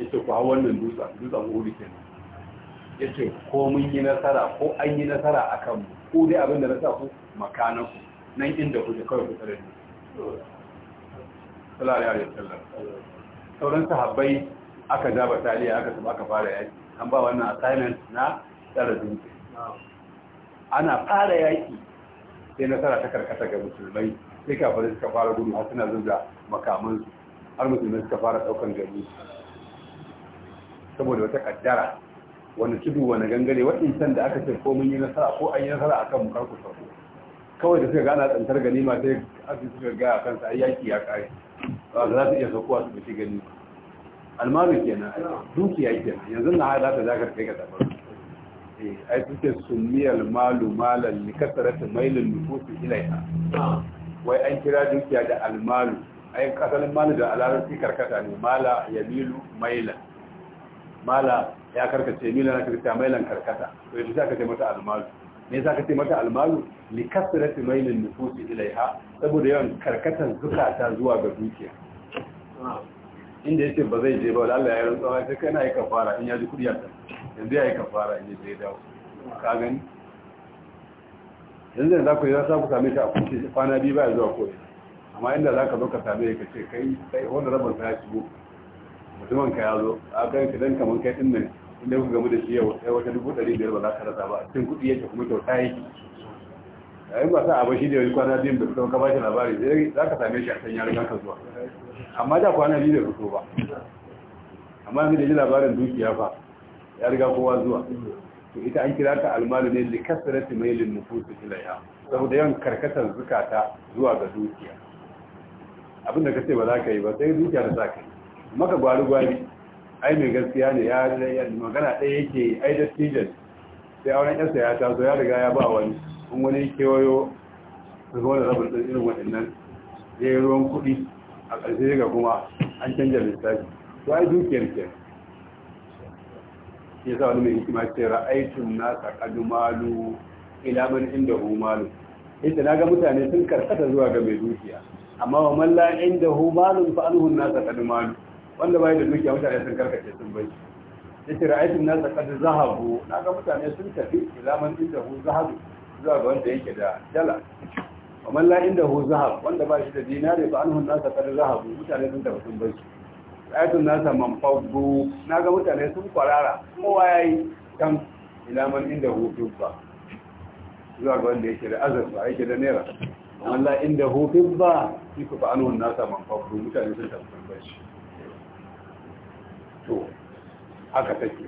[SPEAKER 1] ya ce ku hau wannan dutsen dutsen uhudu kenan ya ce ko mun yi nasara ko an yi nasara a kanmu ko dai abin da na sa ku ku, nan inda ku da kawai ku tsare ni sallallahu alaihi wasallam sauran sahabbai aka ja taliya aka saba aka fara yaki an ba wannan assignment na tsara dutse ana fara yaki sai nasara ta karkata ga musulmai sai kafirai suka fara gudu har suna makaman makamansu har musulmai suka fara daukan gari saboda wata kaddara wani tudu wani gangare san da aka ce ko mun yi nasara ko an yi nasara a kan mukar kusa kawai da suka gana tsantar ganima sai aka suka gaya kansa ai yaki ya kare ba za su iya saukowa su bace ganima almalu kenan dukiya kenan yanzu na haɗa ta zaka kai ka a eh, ai suke sunniyar almalu malan ni kasarata mailin nufusu ilaiha wai an kira dukiya da almalu a yi kasalin malu da alarun karkata ne mala ya milu mailan mala ya karkace milan na kirista mailan karkata to yanzu za ka ce mata almalu ne za ka ce mata almalu li kasarata mailin nufusu ilaiha saboda yawan karkatan zukata zuwa ga dukiya inda yake ba zai je ba da Allah ya rantsa sai kana yi kafara in ya ji kudi ta yanzu ya yi kafara in ya je dawo ka gani yanzu za ku yi za ku same shi a kuce kwana biyu ba zuwa koyi amma inda za ka zo ka same ka ce kai sai wanda rabin ka ya shigo mutumin ka ya zo a kan ka dan kamar kai din nan inda ku gamu da shi yau sai wata dubu ɗari biyar ba za ka rasa ba cikin kuɗi yake kuma kyauta yake yayin ba sa abu shi da wani kwana biyun da suka ka shi labari sai za ka same shi a can yarin ka zuwa amma da kwana biyu da fito ba amma yanzu da ji labarin dukiya fa ya riga kowa zuwa to ita an kira ta almalu ne da li kasrati mailin nufusi ilaiha saboda yawan karkatar zukata zuwa ga dukiya abin da ce ba za ka yi ba sai dukiya da za ka yi maka gwari gwari ai mai gaskiya ne ya magana ɗaya yake ai dattijan sai auren yarsa ya taso ya riga ya ba wani sun wani kewayo su zo da rabin ɗin irin waɗannan ya yi ruwan kuɗi a ƙarshe ga kuma an canja lissafi to ai dukiyar ke ya sa wani mai hikima ce ra'aitun nasa kadumalu malu man inda hu malu ita na ga mutane sun karkata zuwa ga mai dukiya amma wa malla inda hu malu fa anhu nasa malu. wanda bai da dukiya mutane sun karkace sun bai ita ra'aitun nasa kadu zahabu na ga mutane sun tafi ila inda hu zahabu zuwa ga wanda yake da dala amma la inda hu zahab wanda ba shi da dinare ba an nasa sa zahab, zahabu mutane sun da sun bai ayatun nasa man fawdu naga mutane sun kwarara kowa yayi kan ila man inda hu dubba zuwa ga wanda yake da azurfa yake da naira amma la inda hu dubba shi ku ba an nasa man fawdu mutane sun da sun bai to haka take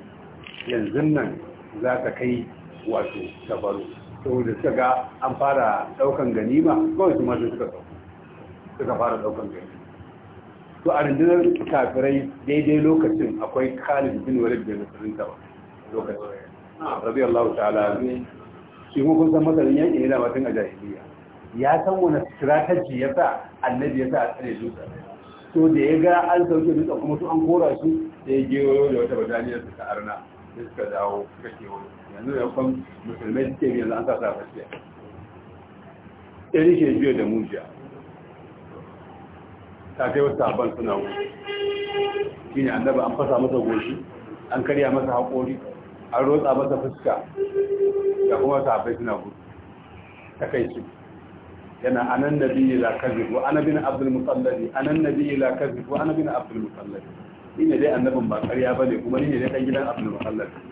[SPEAKER 1] yanzu nan za ta kai wato tabaru saboda suka ga an fara daukan ganima kawai su masu suka suka fara daukan ganima to a rundunar kafirai daidai lokacin akwai jin bin walid bin musulunta ba lokacin rabi Allah ta'ala shi kuma kun san masarin yaƙi ne da matan a jahiliya ya san wani strategy ya sa annabi ya sa a tsare dutsen to da ya ga an sauke dutsen kuma su an kora su da ya gero da wata bajaniyar su ta arna da suka dawo suka kewayo yanzu ya kwan musulmai suke yanzu an sasa fashe ɗari ke biyo da mujiya ta kai wasu sabon suna wuce shi ne annaba an fasa masa goshi an karya masa haƙori an rotsa masa fuska da kuma sabai suna gudu ta kai su yana anan na ila kazib ko ana bin abdul musallari anan na ila kazib ko ana bin abdul musalladi ina dai annabin ba ƙarya ne, kuma ni ne dai ɗan gidan abdul musallari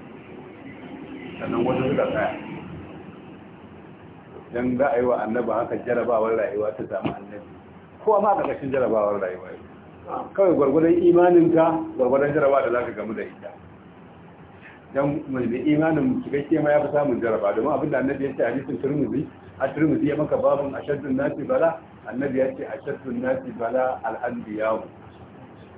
[SPEAKER 1] sannan wasu suka tsaya don za a yi wa annaba haka jarabawar rayuwa ta samu annabi kowa ma kashin jarabawar rayuwa kawai gwargwadon imaninka gwargwadon jaraba da za ka gamu da ita
[SPEAKER 2] don mai imanin cikakke ma ya fi samun jaraba domin abin da annabi ya ce a jisun turmuzi a turmuzi ya maka babin a shaddun nasi bala annabi ya ce a shaddun nasi bala al'anbiyawu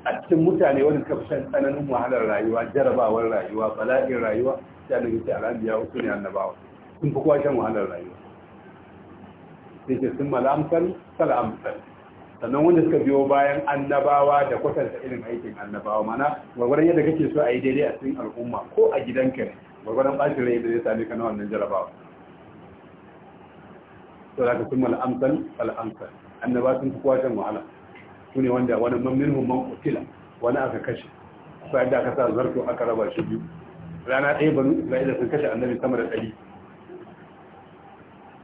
[SPEAKER 1] a cikin mutane wani suka fi shan tsananin wahalar rayuwa jarabawar rayuwa bala'in rayuwa sai annabi sai al'anbiya su ne annabawa sun fi kowa shan wahalar rayuwa sai sun malamsan amsar sannan wanda suka biyo bayan annabawa da kwatanta irin aikin annabawa mana gwagwaran yadda kake so a yi daidai a cikin al'umma ko a gidanka ne gwagwaran ɓacin rai da zai sami ka na wannan jarabawa to za ka sun mal'amsal fal'amsal annaba sun fi kwashen wahala su ne wanda wani mammin man kutila wani aka kashe bayan da aka sa zarto aka raba shi biyu rana ɗaya ba banu isra'ila sun kashe annabi sama da ɗari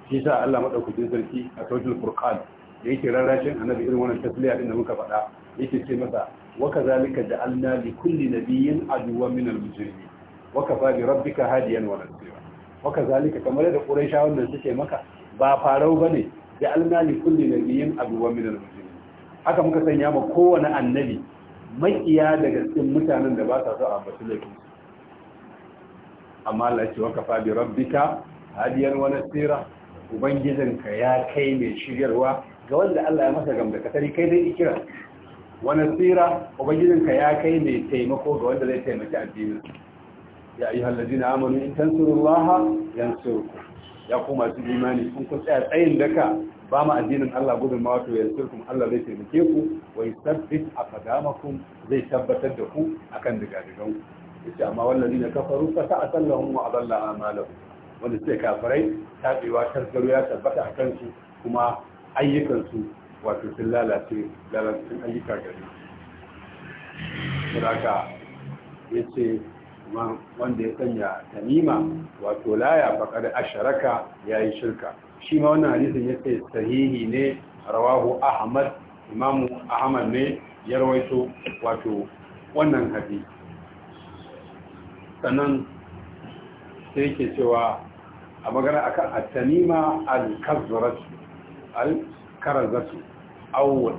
[SPEAKER 1] shi sa allah maɗaukakin sarki a sautin furkan da yake rarrashin annabi irin wannan tasliya ɗin da muka faɗa yake ce masa wa ka kazalika ja'alna li kulli nabiyyin aduwwan min al-mujrimin wa ka kafa bi rabbika hadiyan wa nasira wa kazalika kamar da quraishawan nan suke maka ba farau bane ja'alna li kulli nabiyyin aduwwan min al-mujrimin haka muka sanya ma kowane annabi makiya daga cikin mutanen da ba sa so a bashi laifin amma Allah ce waka fabi rabbika hadiyan wa nasira ubangijinka ya kai mai shigarwa ga wanda Allah ya masa gamda tari kai dai ikira wa nasira ubangijinka ya kai mai taimako ga wanda zai taimaki addinin ya ayyuhal ladina amanu in yan surku ya kuma su imani kun ku tsaya tsayin daka ba ma addinin Allah gudun ma wato yansurkum Allah zai taimake ku Wai wa a fadamakun zai tabbatar da ku akan digadigan ku yace amma wannan ne kafaru fa ta'atallahum wa adalla amalahum wanda sai kafirai tabewa tasgaro ya tabbata a kansu kuma ayyukansu wato sun lalace lalacin ayyuka gari suraka ya ce wanda ya sanya tanima wato laya faqad asharaka yayi shirka shi ma wannan hadisin yace sahihi ne rawahu ahmad imamu ahmad ne ya rawaito wato wannan hadisi sannan sai ke cewa a magana a kan attanima alkazaratu alkarazatu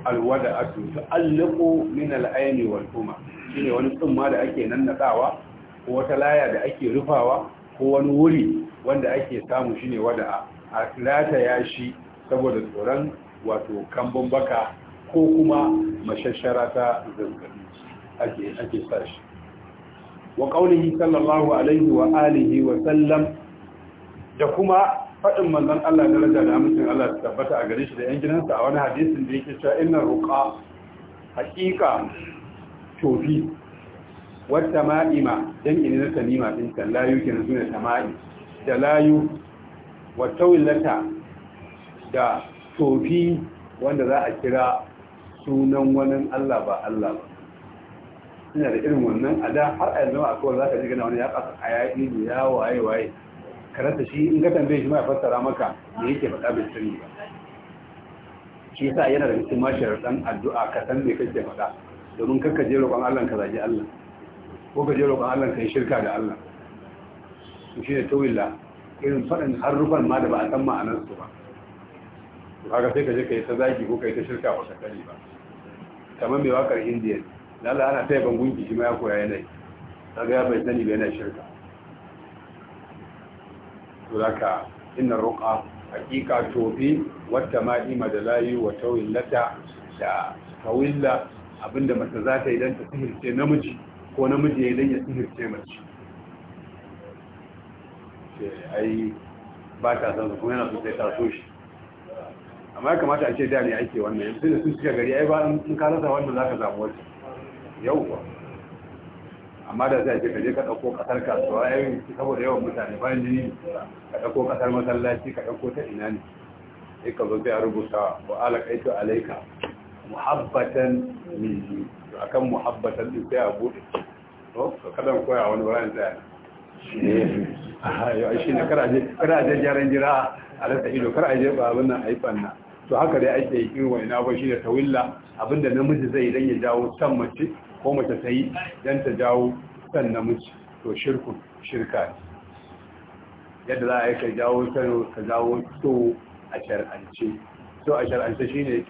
[SPEAKER 1] alwada atu ta'allaku min al'ayni wal kuma shine wani tsumma da ake nannadawa ko wata laya da ake rufawa ko wani wuri wanda ake samu shine wada a lata ya shi saboda tsoron wato kambun baka ko kuma mashashara ta zazzabi ake sa shi wa qaulihi sallallahu alaihi wa sallam da kuma faɗin manzon Allah daraja da amincin Allah ta tabbata a gare shi da yan gidansa a wani hadisin da yake cewa inna ruqa haqiqa tofi wata ma'ima jam'i na tanima din kan layu kenan sune tama'i da layu wa tawillata da tofi wanda za a kira sunan wani Allah ba Allah ba suna da irin wannan a da har a yanzu a kowar za ka ji gana wani ya kasa a yaƙi ne ya waye waye karanta shi in ka tambaye shi ma ya fassara maka me yake faɗa bai sani ba shi yasa yana da cikin mashiyar dan addu'a ka san me kake faɗa domin kakka je roƙon Allah ka zagi Allah ko ka je roƙon Allah ka yi shirka da Allah to shi ne tawilla irin faɗin harufan ma da ba a san ma'anar su ba to kaga sai ka je ka yi ta zagi ko ka yi ta shirka ba ka ba kamar mai wakar indiya lalla ana ta yaban gunki shi ma ya koya yanayi ga ya bai sani ba yanayi shirka to zaka ina roƙa hakika tofi wata ma'i da layi wa tawillata da tawilla abinda mace za ta idan ta sihirce namiji ko namiji ya idan ya sihirce mace ai ba ta san kuma yana sosai ta so shi amma ya kamata a ce da ne ake wannan yanzu da sun cika gari ai ba in karasa wannan za ka samu wata yauwa amma da zai ce kaje ka ɗauko ƙasar kasuwa yayin saboda yawan mutane ba ni ka ɗauko ƙasar masallaci ka dauko ta ina ne sai ka zo sai a rubuta wa alaƙaitu alaika muhabbatan miji akan muhabbatan din sai a buɗe to ka kadan koya wani bayan tsaya
[SPEAKER 2] ne eh. shi ne karaje jaran jira
[SPEAKER 1] a rasa ido karaje ba abin nan a yi to haka dai ake yi irin wani ba shi da tawilla abinda namiji zai dan ya jawo san mace ko mace ta yi don ta jawo san namiji to shirku shirka ne yadda za a yi ka jawo sano ka jawo so a shar'ance so a shar'ance ne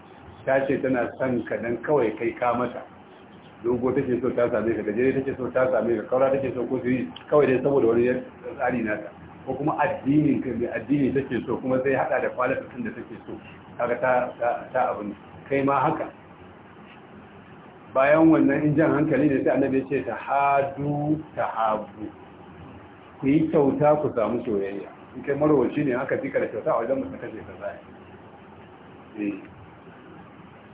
[SPEAKER 1] ta ce tana son ka dan kawai kai ka mata dogo take so ta same ka gajere take so ta same ka kaura take so ko siri kawai dai saboda wani tsari nata ko kuma addini ka mai addini take so kuma sai hada da kwalatin da ta take so kaga ta ta abin kai ma haka bayan wannan in jan hankali ne sai annabi ce ta hadu ta habu ku yi kyauta ku samu soyayya in kai marwaci ne aka fi da kyauta a wajen mutum kashe ka zai eh.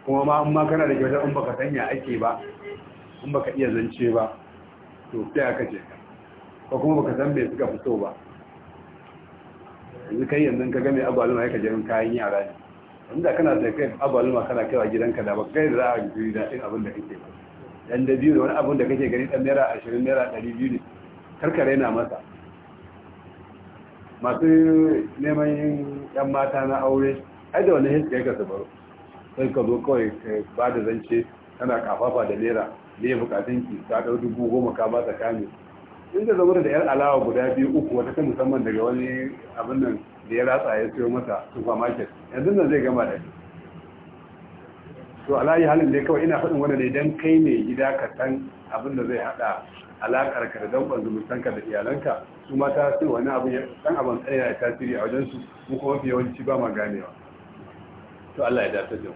[SPEAKER 1] kuma ma amma kana da kyautar in baka sanya ake ba in baka iya zance ba to sai aka ce ka ko kuma baka san me suka fito ba yanzu kai yanzu ka ga mai agwalin aika jirin kayan yara ne inda kana da kai abalma kana kira gidanka da ba kai da za a da in abin da kake dan da biyu da wani abin da kake gani dan naira ashirin naira ɗari biyu ne karkare na masa masu neman yin yan mata na aure ai da wani hiska ka su baro sai ka zo kawai ba da zance kana kafafa da naira ne ya bukatun ki ta ɗau dubu goma ka ba ta kame inda zama da yar alawa guda biyu uku wata ta musamman daga wani abin nan da ya ratsa ya siyo mata supermarket yanzu nan zai gama da to alayi halin da ya kawai ina faɗin wani ne kai ne gida ka san abin da zai haɗa alaƙar ka da danƙon zumuntanka da iyalanka su mata ta sai wani abu san abin tsaye ya tasiri a wajen su mu kuma wani yawanci ba ma ganewa to Allah ya dace da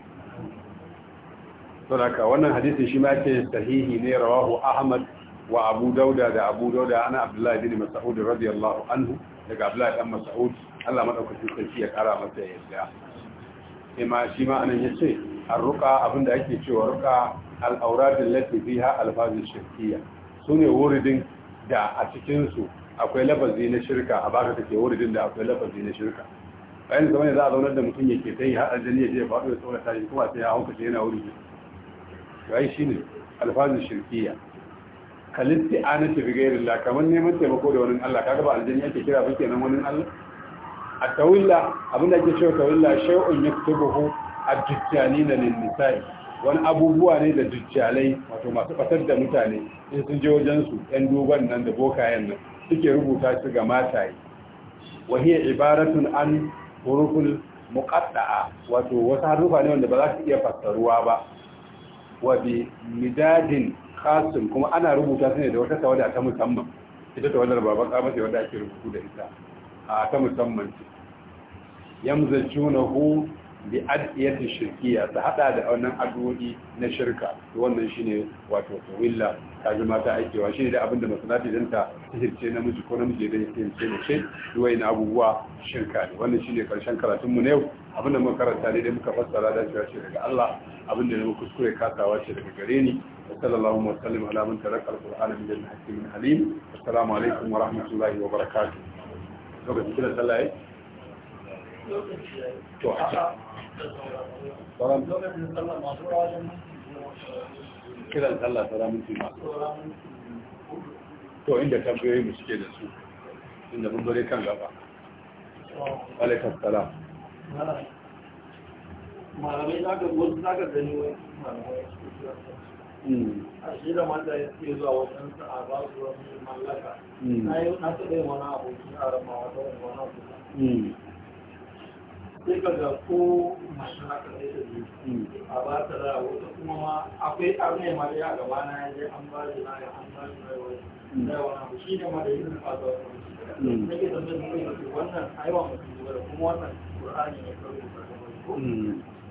[SPEAKER 1] to haka wannan hadisin shi ma ke sahihi ne rawahu Ahmad wa Abu Dauda da Abu Dauda ana abdullahi bin Mas'ud radiyallahu anhu daga Abdullahi dan Mas'ud Allah madaukakin sarki ya ƙara masa yarda sai ma shi ma anan ya ce yace arruqa abinda ake cewa ruƙa al-awrad allati fiha al-faz shirkiyya sune wuridin da a cikinsu akwai lafazi na shirka a baka take wuridin da akwai lafazi na shirka bayan zaman za a zaunar da mutum ya yake tai har aljanni ya je faɗo ya tsora tashi kuma sai ya hauka shi yana wuri rai shine al-faz shirkiyya kalisti anati bi ghairillah kamar neman taimako da wani Allah kaga ba aljani ake kira ba kenan wani Allah a tawilla abin da ke cewa tawilla shay'un yaktubuhu ad-dujjalina wani abubuwa ne da dujjalai wato masu fatar da mutane in sun je wajen su ɗan dogon nan da bokayen nan suke rubuta su ga mataye wa ibaratun an huruful muqatta'a wato wasu harufa ne wanda ba za su iya fassaruwa ba wa bi midadin khasun kuma ana rubuta su ne da wata tawada ta musamman ita tawadar baban kamar wanda ake rubutu da ita a ta musamman hu bi adiyati shirkiya ta hada da wannan addu'o'i na shirka to wannan shine wato tawilla ta ji mata aikewa shine da abinda masanati dan ta na miji ko namiji da yake sihirce shi duwai na abubuwa shirka ne wannan shine karshen karatun mu ne yau abinda muka karanta ne da muka fassara da cewa ce daga Allah abinda ne muka kuskure kasawa ce daga gare ni sallallahu alaihi wa sallam ala man taraka alqur'ana min al-hakim alim assalamu alaikum wa rahmatullahi wa barakatuh lokacin kiran sallah
[SPEAKER 3] to kiran
[SPEAKER 1] sallah sauran minti to inda mu suke da su inda mun dore kan gaba alaikas
[SPEAKER 3] wani a shi da ya ke zuwa wajen su a ba su wani mallaka hmm. na yi na su dai wani abokin a rama wata wani abokin hmm. sai ka ga ko masu haka sai ta biyu hmm. a ba ta da wata kuma ma akwai arne ma a gaba na ya an ba da na ya an ba da na ya wani abu shi ne ma da yin da wani na ke tambayar da wannan aiwa mutum da kuma wannan ƙur'ani ne kawai da kuma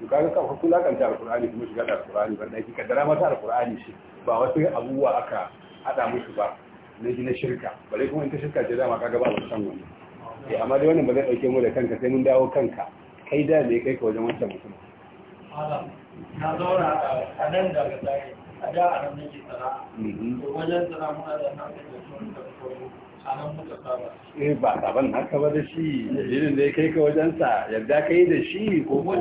[SPEAKER 1] to kaga kan ku lakanta alqur'ani kuma shiga da alqur'ani banda ki kaddara mata alqur'ani shi ba wasu abubuwa aka hada musu ba na gina shirka bare kuma in ta shirka ce dama kaga ba mu san wani eh amma dai wannan ba zai dauke mu da kanka sai mun dawo kanka kai da me kai ka wajen wancan mutum
[SPEAKER 3] na zauna a nan daga tsaye a da a nan nake sana'a mhm. wajen sana'a muna da nan da
[SPEAKER 1] E, ba saban haka ba da shi dalilin da ya kai ka wajensa yadda ka yi da shi ko kuwa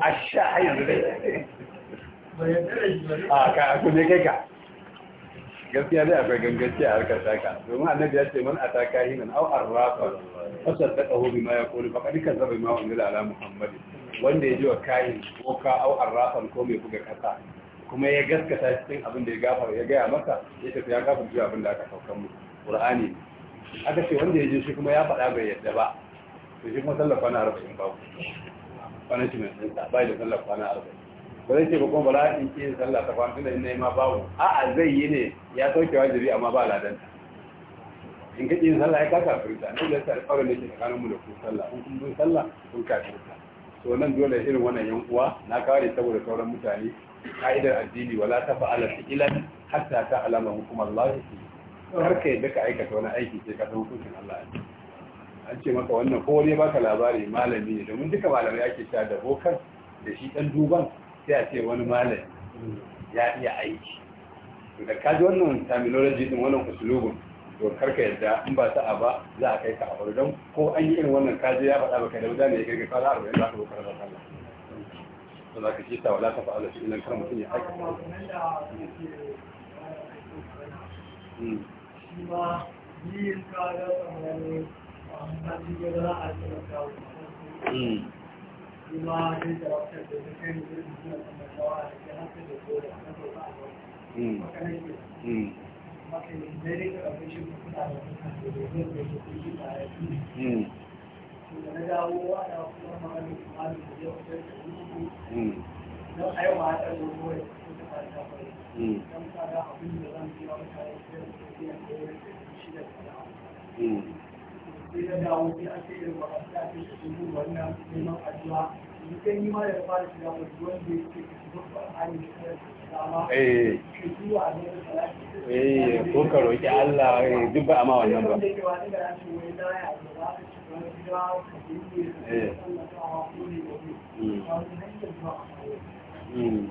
[SPEAKER 3] a sha yanzu ya a ka ne kai
[SPEAKER 1] ka gaskiya dai akwai gangaci a harkar taka domin annabi ya ce man ataka hinan aw arrafa fasaddaqahu bima yaqulu faqad kazzaba bima unzila ala muhammad wanda ya ji wa kahin ko ka au'ar arrafan ko mai buga kasa kuma ya gaskata cikin abin da ya gafara ya gaya maka ya tafi ya gafarta abin da aka saukan muku qur'ani aka ce wanda ya je shi kuma ya faɗa bai yadda ba to shi kuma sallafa na arba'in ba punishment mai tsinta bai da sallafa na arba'in ba zai ce kuma bala in ke sallah ta kwana da in nayi ma babu a'a zai yi ne ya sauke wajibi amma ba ladan in ka ki sallah ai ka kafirta ne da sai fara ne ke tsakanin mu da ku sallah in kun bi sallah kun kafirta to nan dole irin wannan yan uwa na kare saboda sauran mutane ka'idar addini wala ta fa'ala fi'lan hatta ta hukum Allah fi har ka yadda ka aikata wani aiki sai ka san hukuncin Allah an ce maka wannan ko ne baka labari malami ne domin duka malamai ake sha da bokan da shi dan duban sai a ce wani malami ya iya aiki da ka ji wannan terminology din wannan usulubun to karka yadda in ba sa'a ba za a kai ka a don ko an yi irin wannan kaji ya faɗa baka da mutane ya kai ka fara arba'in za ka bukar da sallah to za ka shi ta wala ta fa'ala shi ilan kan mutum ya aika
[SPEAKER 3] hmm. ma biyun kaga kamar a cikin za a taimaka wa kuma zai tarautar da ta kai mutum suna taimakawa da ke haka da ko da haka a wani makaranci makaranci zai rika da mutane da zai da kuɗi a yanzu hmm. da na dawo a da kuma maganin kuma da zai wajen da kuɗi hmm. don aiwa a ɗan gobe da kuɗi a ɗan gobe sai zan dawo sai an sai irin makaranta a cikin su wannan neman addu'a in kai yi ma da fara shiga wasu wanda ya ce su ba ba a yi dama ke zuwa ne da salati
[SPEAKER 1] eh ko ka roki Allah duk amma wannan ba
[SPEAKER 2] eh
[SPEAKER 3] Mm.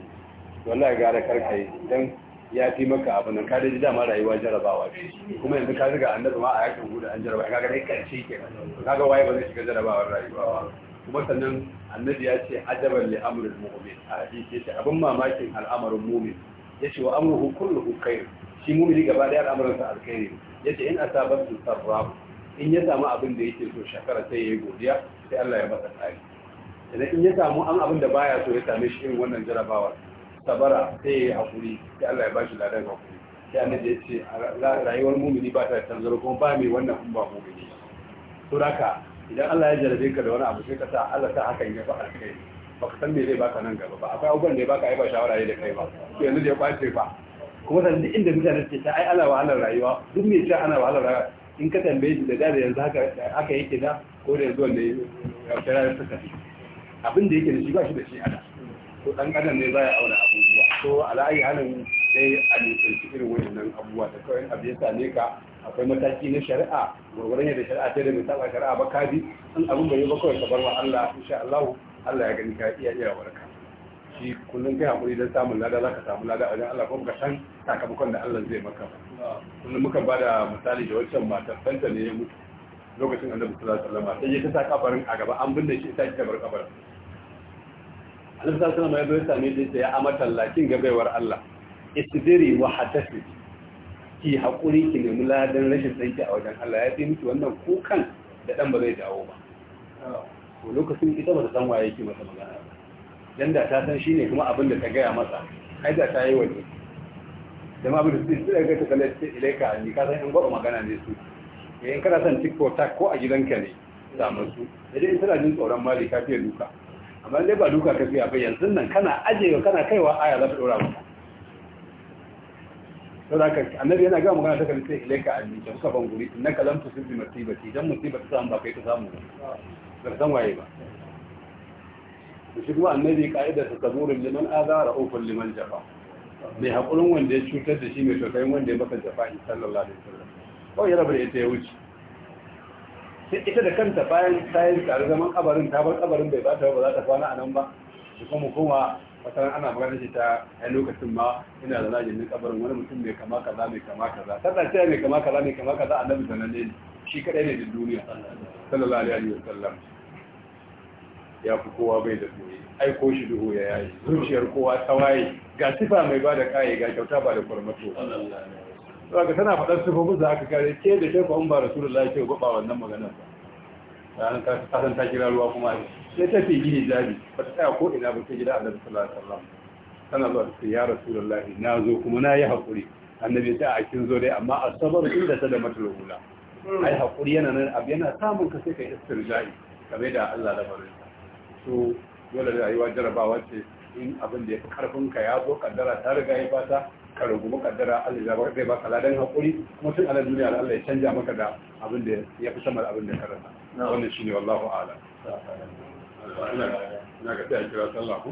[SPEAKER 1] wallahi gara karkai dan ya fi maka abu nan ka daji dama rayuwa jarabawa ce kuma yanzu ka zuga annabi ma a yakin gudu an jarabawa kaga dai karshe ke kaga waye ba zai shiga jarabawa rayuwa kuma sannan annabi ya ce ajaban li amrul mu'min a hadisi yace abin mamakin al'amarin mu'min yace wa amruhu kulluhu khair shi mu'mini gaba daya al'amarin sa alkhairi yace in asabatu sarra in ya samu abin da yake so shakara sai yayi godiya sai Allah ya masa tsari idan in ya samu an abin da baya so ya same shi irin wannan jarabawar Tabara sai ya hakuri sai Allah ya ba shi ladan hakuri sai annabi ya ce rayuwar mumini ba ta tanzaro kuma ba mai wannan kuma ba mumini to haka idan Allah ya jarabe ka da wani abu sai ka sa Allah ta hakan ya fa alkai ba ka san me zai baka nan gaba ba akwai abubuwan da ya baka ai ba shawara ne da kai ba to yanzu da ya kwace fa kuma san duk inda mutane suke ta ai ana wahalar rayuwa duk me ce ana wahalar rayuwa in ka tambaye shi da da yanzu haka haka yake da ko da yanzu wanda ya kira ya shi abin da yake da shi ba shi da shi ana to dan adam ne baya aure abubuwa to ala'ayi halin sai a cikin irin waɗannan abubuwa da kawai abu ya same ka akwai mataki na shari'a gwargwaron yadda shari'a ta da mai saba shari'a ba ka bi an abin bai yi ba kawai ka bar wa Allah insha Allah Allah ya gani ka iya iya warka shi kullum kai hakuri don samun lada za ka samu lada wajen Allah kuma ka san sakamakon da Allah zai maka kullum muka ba da misali da wancan matar fanta ne ya mutu lokacin annabi sallallahu alaihi wasallam sai ya ta kafarin a gaba an binne shi sai ta bar kafarin alisar suna mai bai sami da ta ya amatan lakin gabaiwar Allah istidiri wa hatafi ki haƙuri, ki nemi ladan rashin tsanki a wajen Allah ya fi miki wannan kukan da dan ba zai dawo ba to lokacin ita ba ta san waye ki masa magana ba dan da ta san shine kuma abin da ta gaya masa kai da ta yi Dama jama'a bin su su daga ta kalle ta ilaika ni ka san in gwaba magana ne su yayin eh, kana son tiktok ko a gidanka ne samu su idan in tana jin tsoron mali fiye duka amma dai ba duka ka fiya ba yanzu nan kana ka kana kaiwa aya za ta dora maka to da ka annabi yana ga magana ta kalli sai ilaika anni ta suka ban guri innaka lam tusib bi masibati dan musibar ta samu ba kai ta samu ba san waye ba shi kuma annabi ka'ida ta taburin liman azara ufun liman jafa mai haƙurin wanda ya cutar da shi mai tausayin wanda ya jafa in sallallahu alaihi wasallam kawai ya rabu da ita ya wuce ita da kanta bayan tayin tare zaman kabarin ta bar kabarin bai ta ba za ta kwana a nan ba da kuma kuma wata ana magana shi ta a lokacin ma ina da lajin kabarin wani mutum mai kama kaza mai kama kaza kada ce mai kama kaza mai kama kaza annabi alaihi ne shi kadai ne da duniya sallallahu alaihi wa sallam ya fi kowa bai da tsoye ko shi duhu ya yayi zuciyar kowa ta waye ga sifa mai ba da kai ga kyauta ba da wasallam to ga tana faɗar sifofin da aka kare ke da shekwa in ba rasulullahi ke gaba wannan maganar sa ranar kasan ta kira ruwa kuma ne sai ta fi gini zabi. ba ta tsaya ko ina ba ta gida annabi sallallahu alaihi wasallam tana zuwa ta ya rasulullahi na zo kuma na yi haƙuri annabi ta a kin zo dai amma a sabar inda ta da matalhula hmm. ai haƙuri yana nan abu yana samun ka sai ka istirja'i game da Allah da barinsa So dole da rayuwa jarabawa ce in abin da ya fi karfin ka ya zo kaddara ta riga ya fata ka rungumi kaddara Allah ya zai baka ladan haƙuri kuma tun ana duniya Allah ya canja maka da abin da ya fi sama da abin da ka rasa wannan shine wallahu ala ina ga ta a
[SPEAKER 3] kira sallahu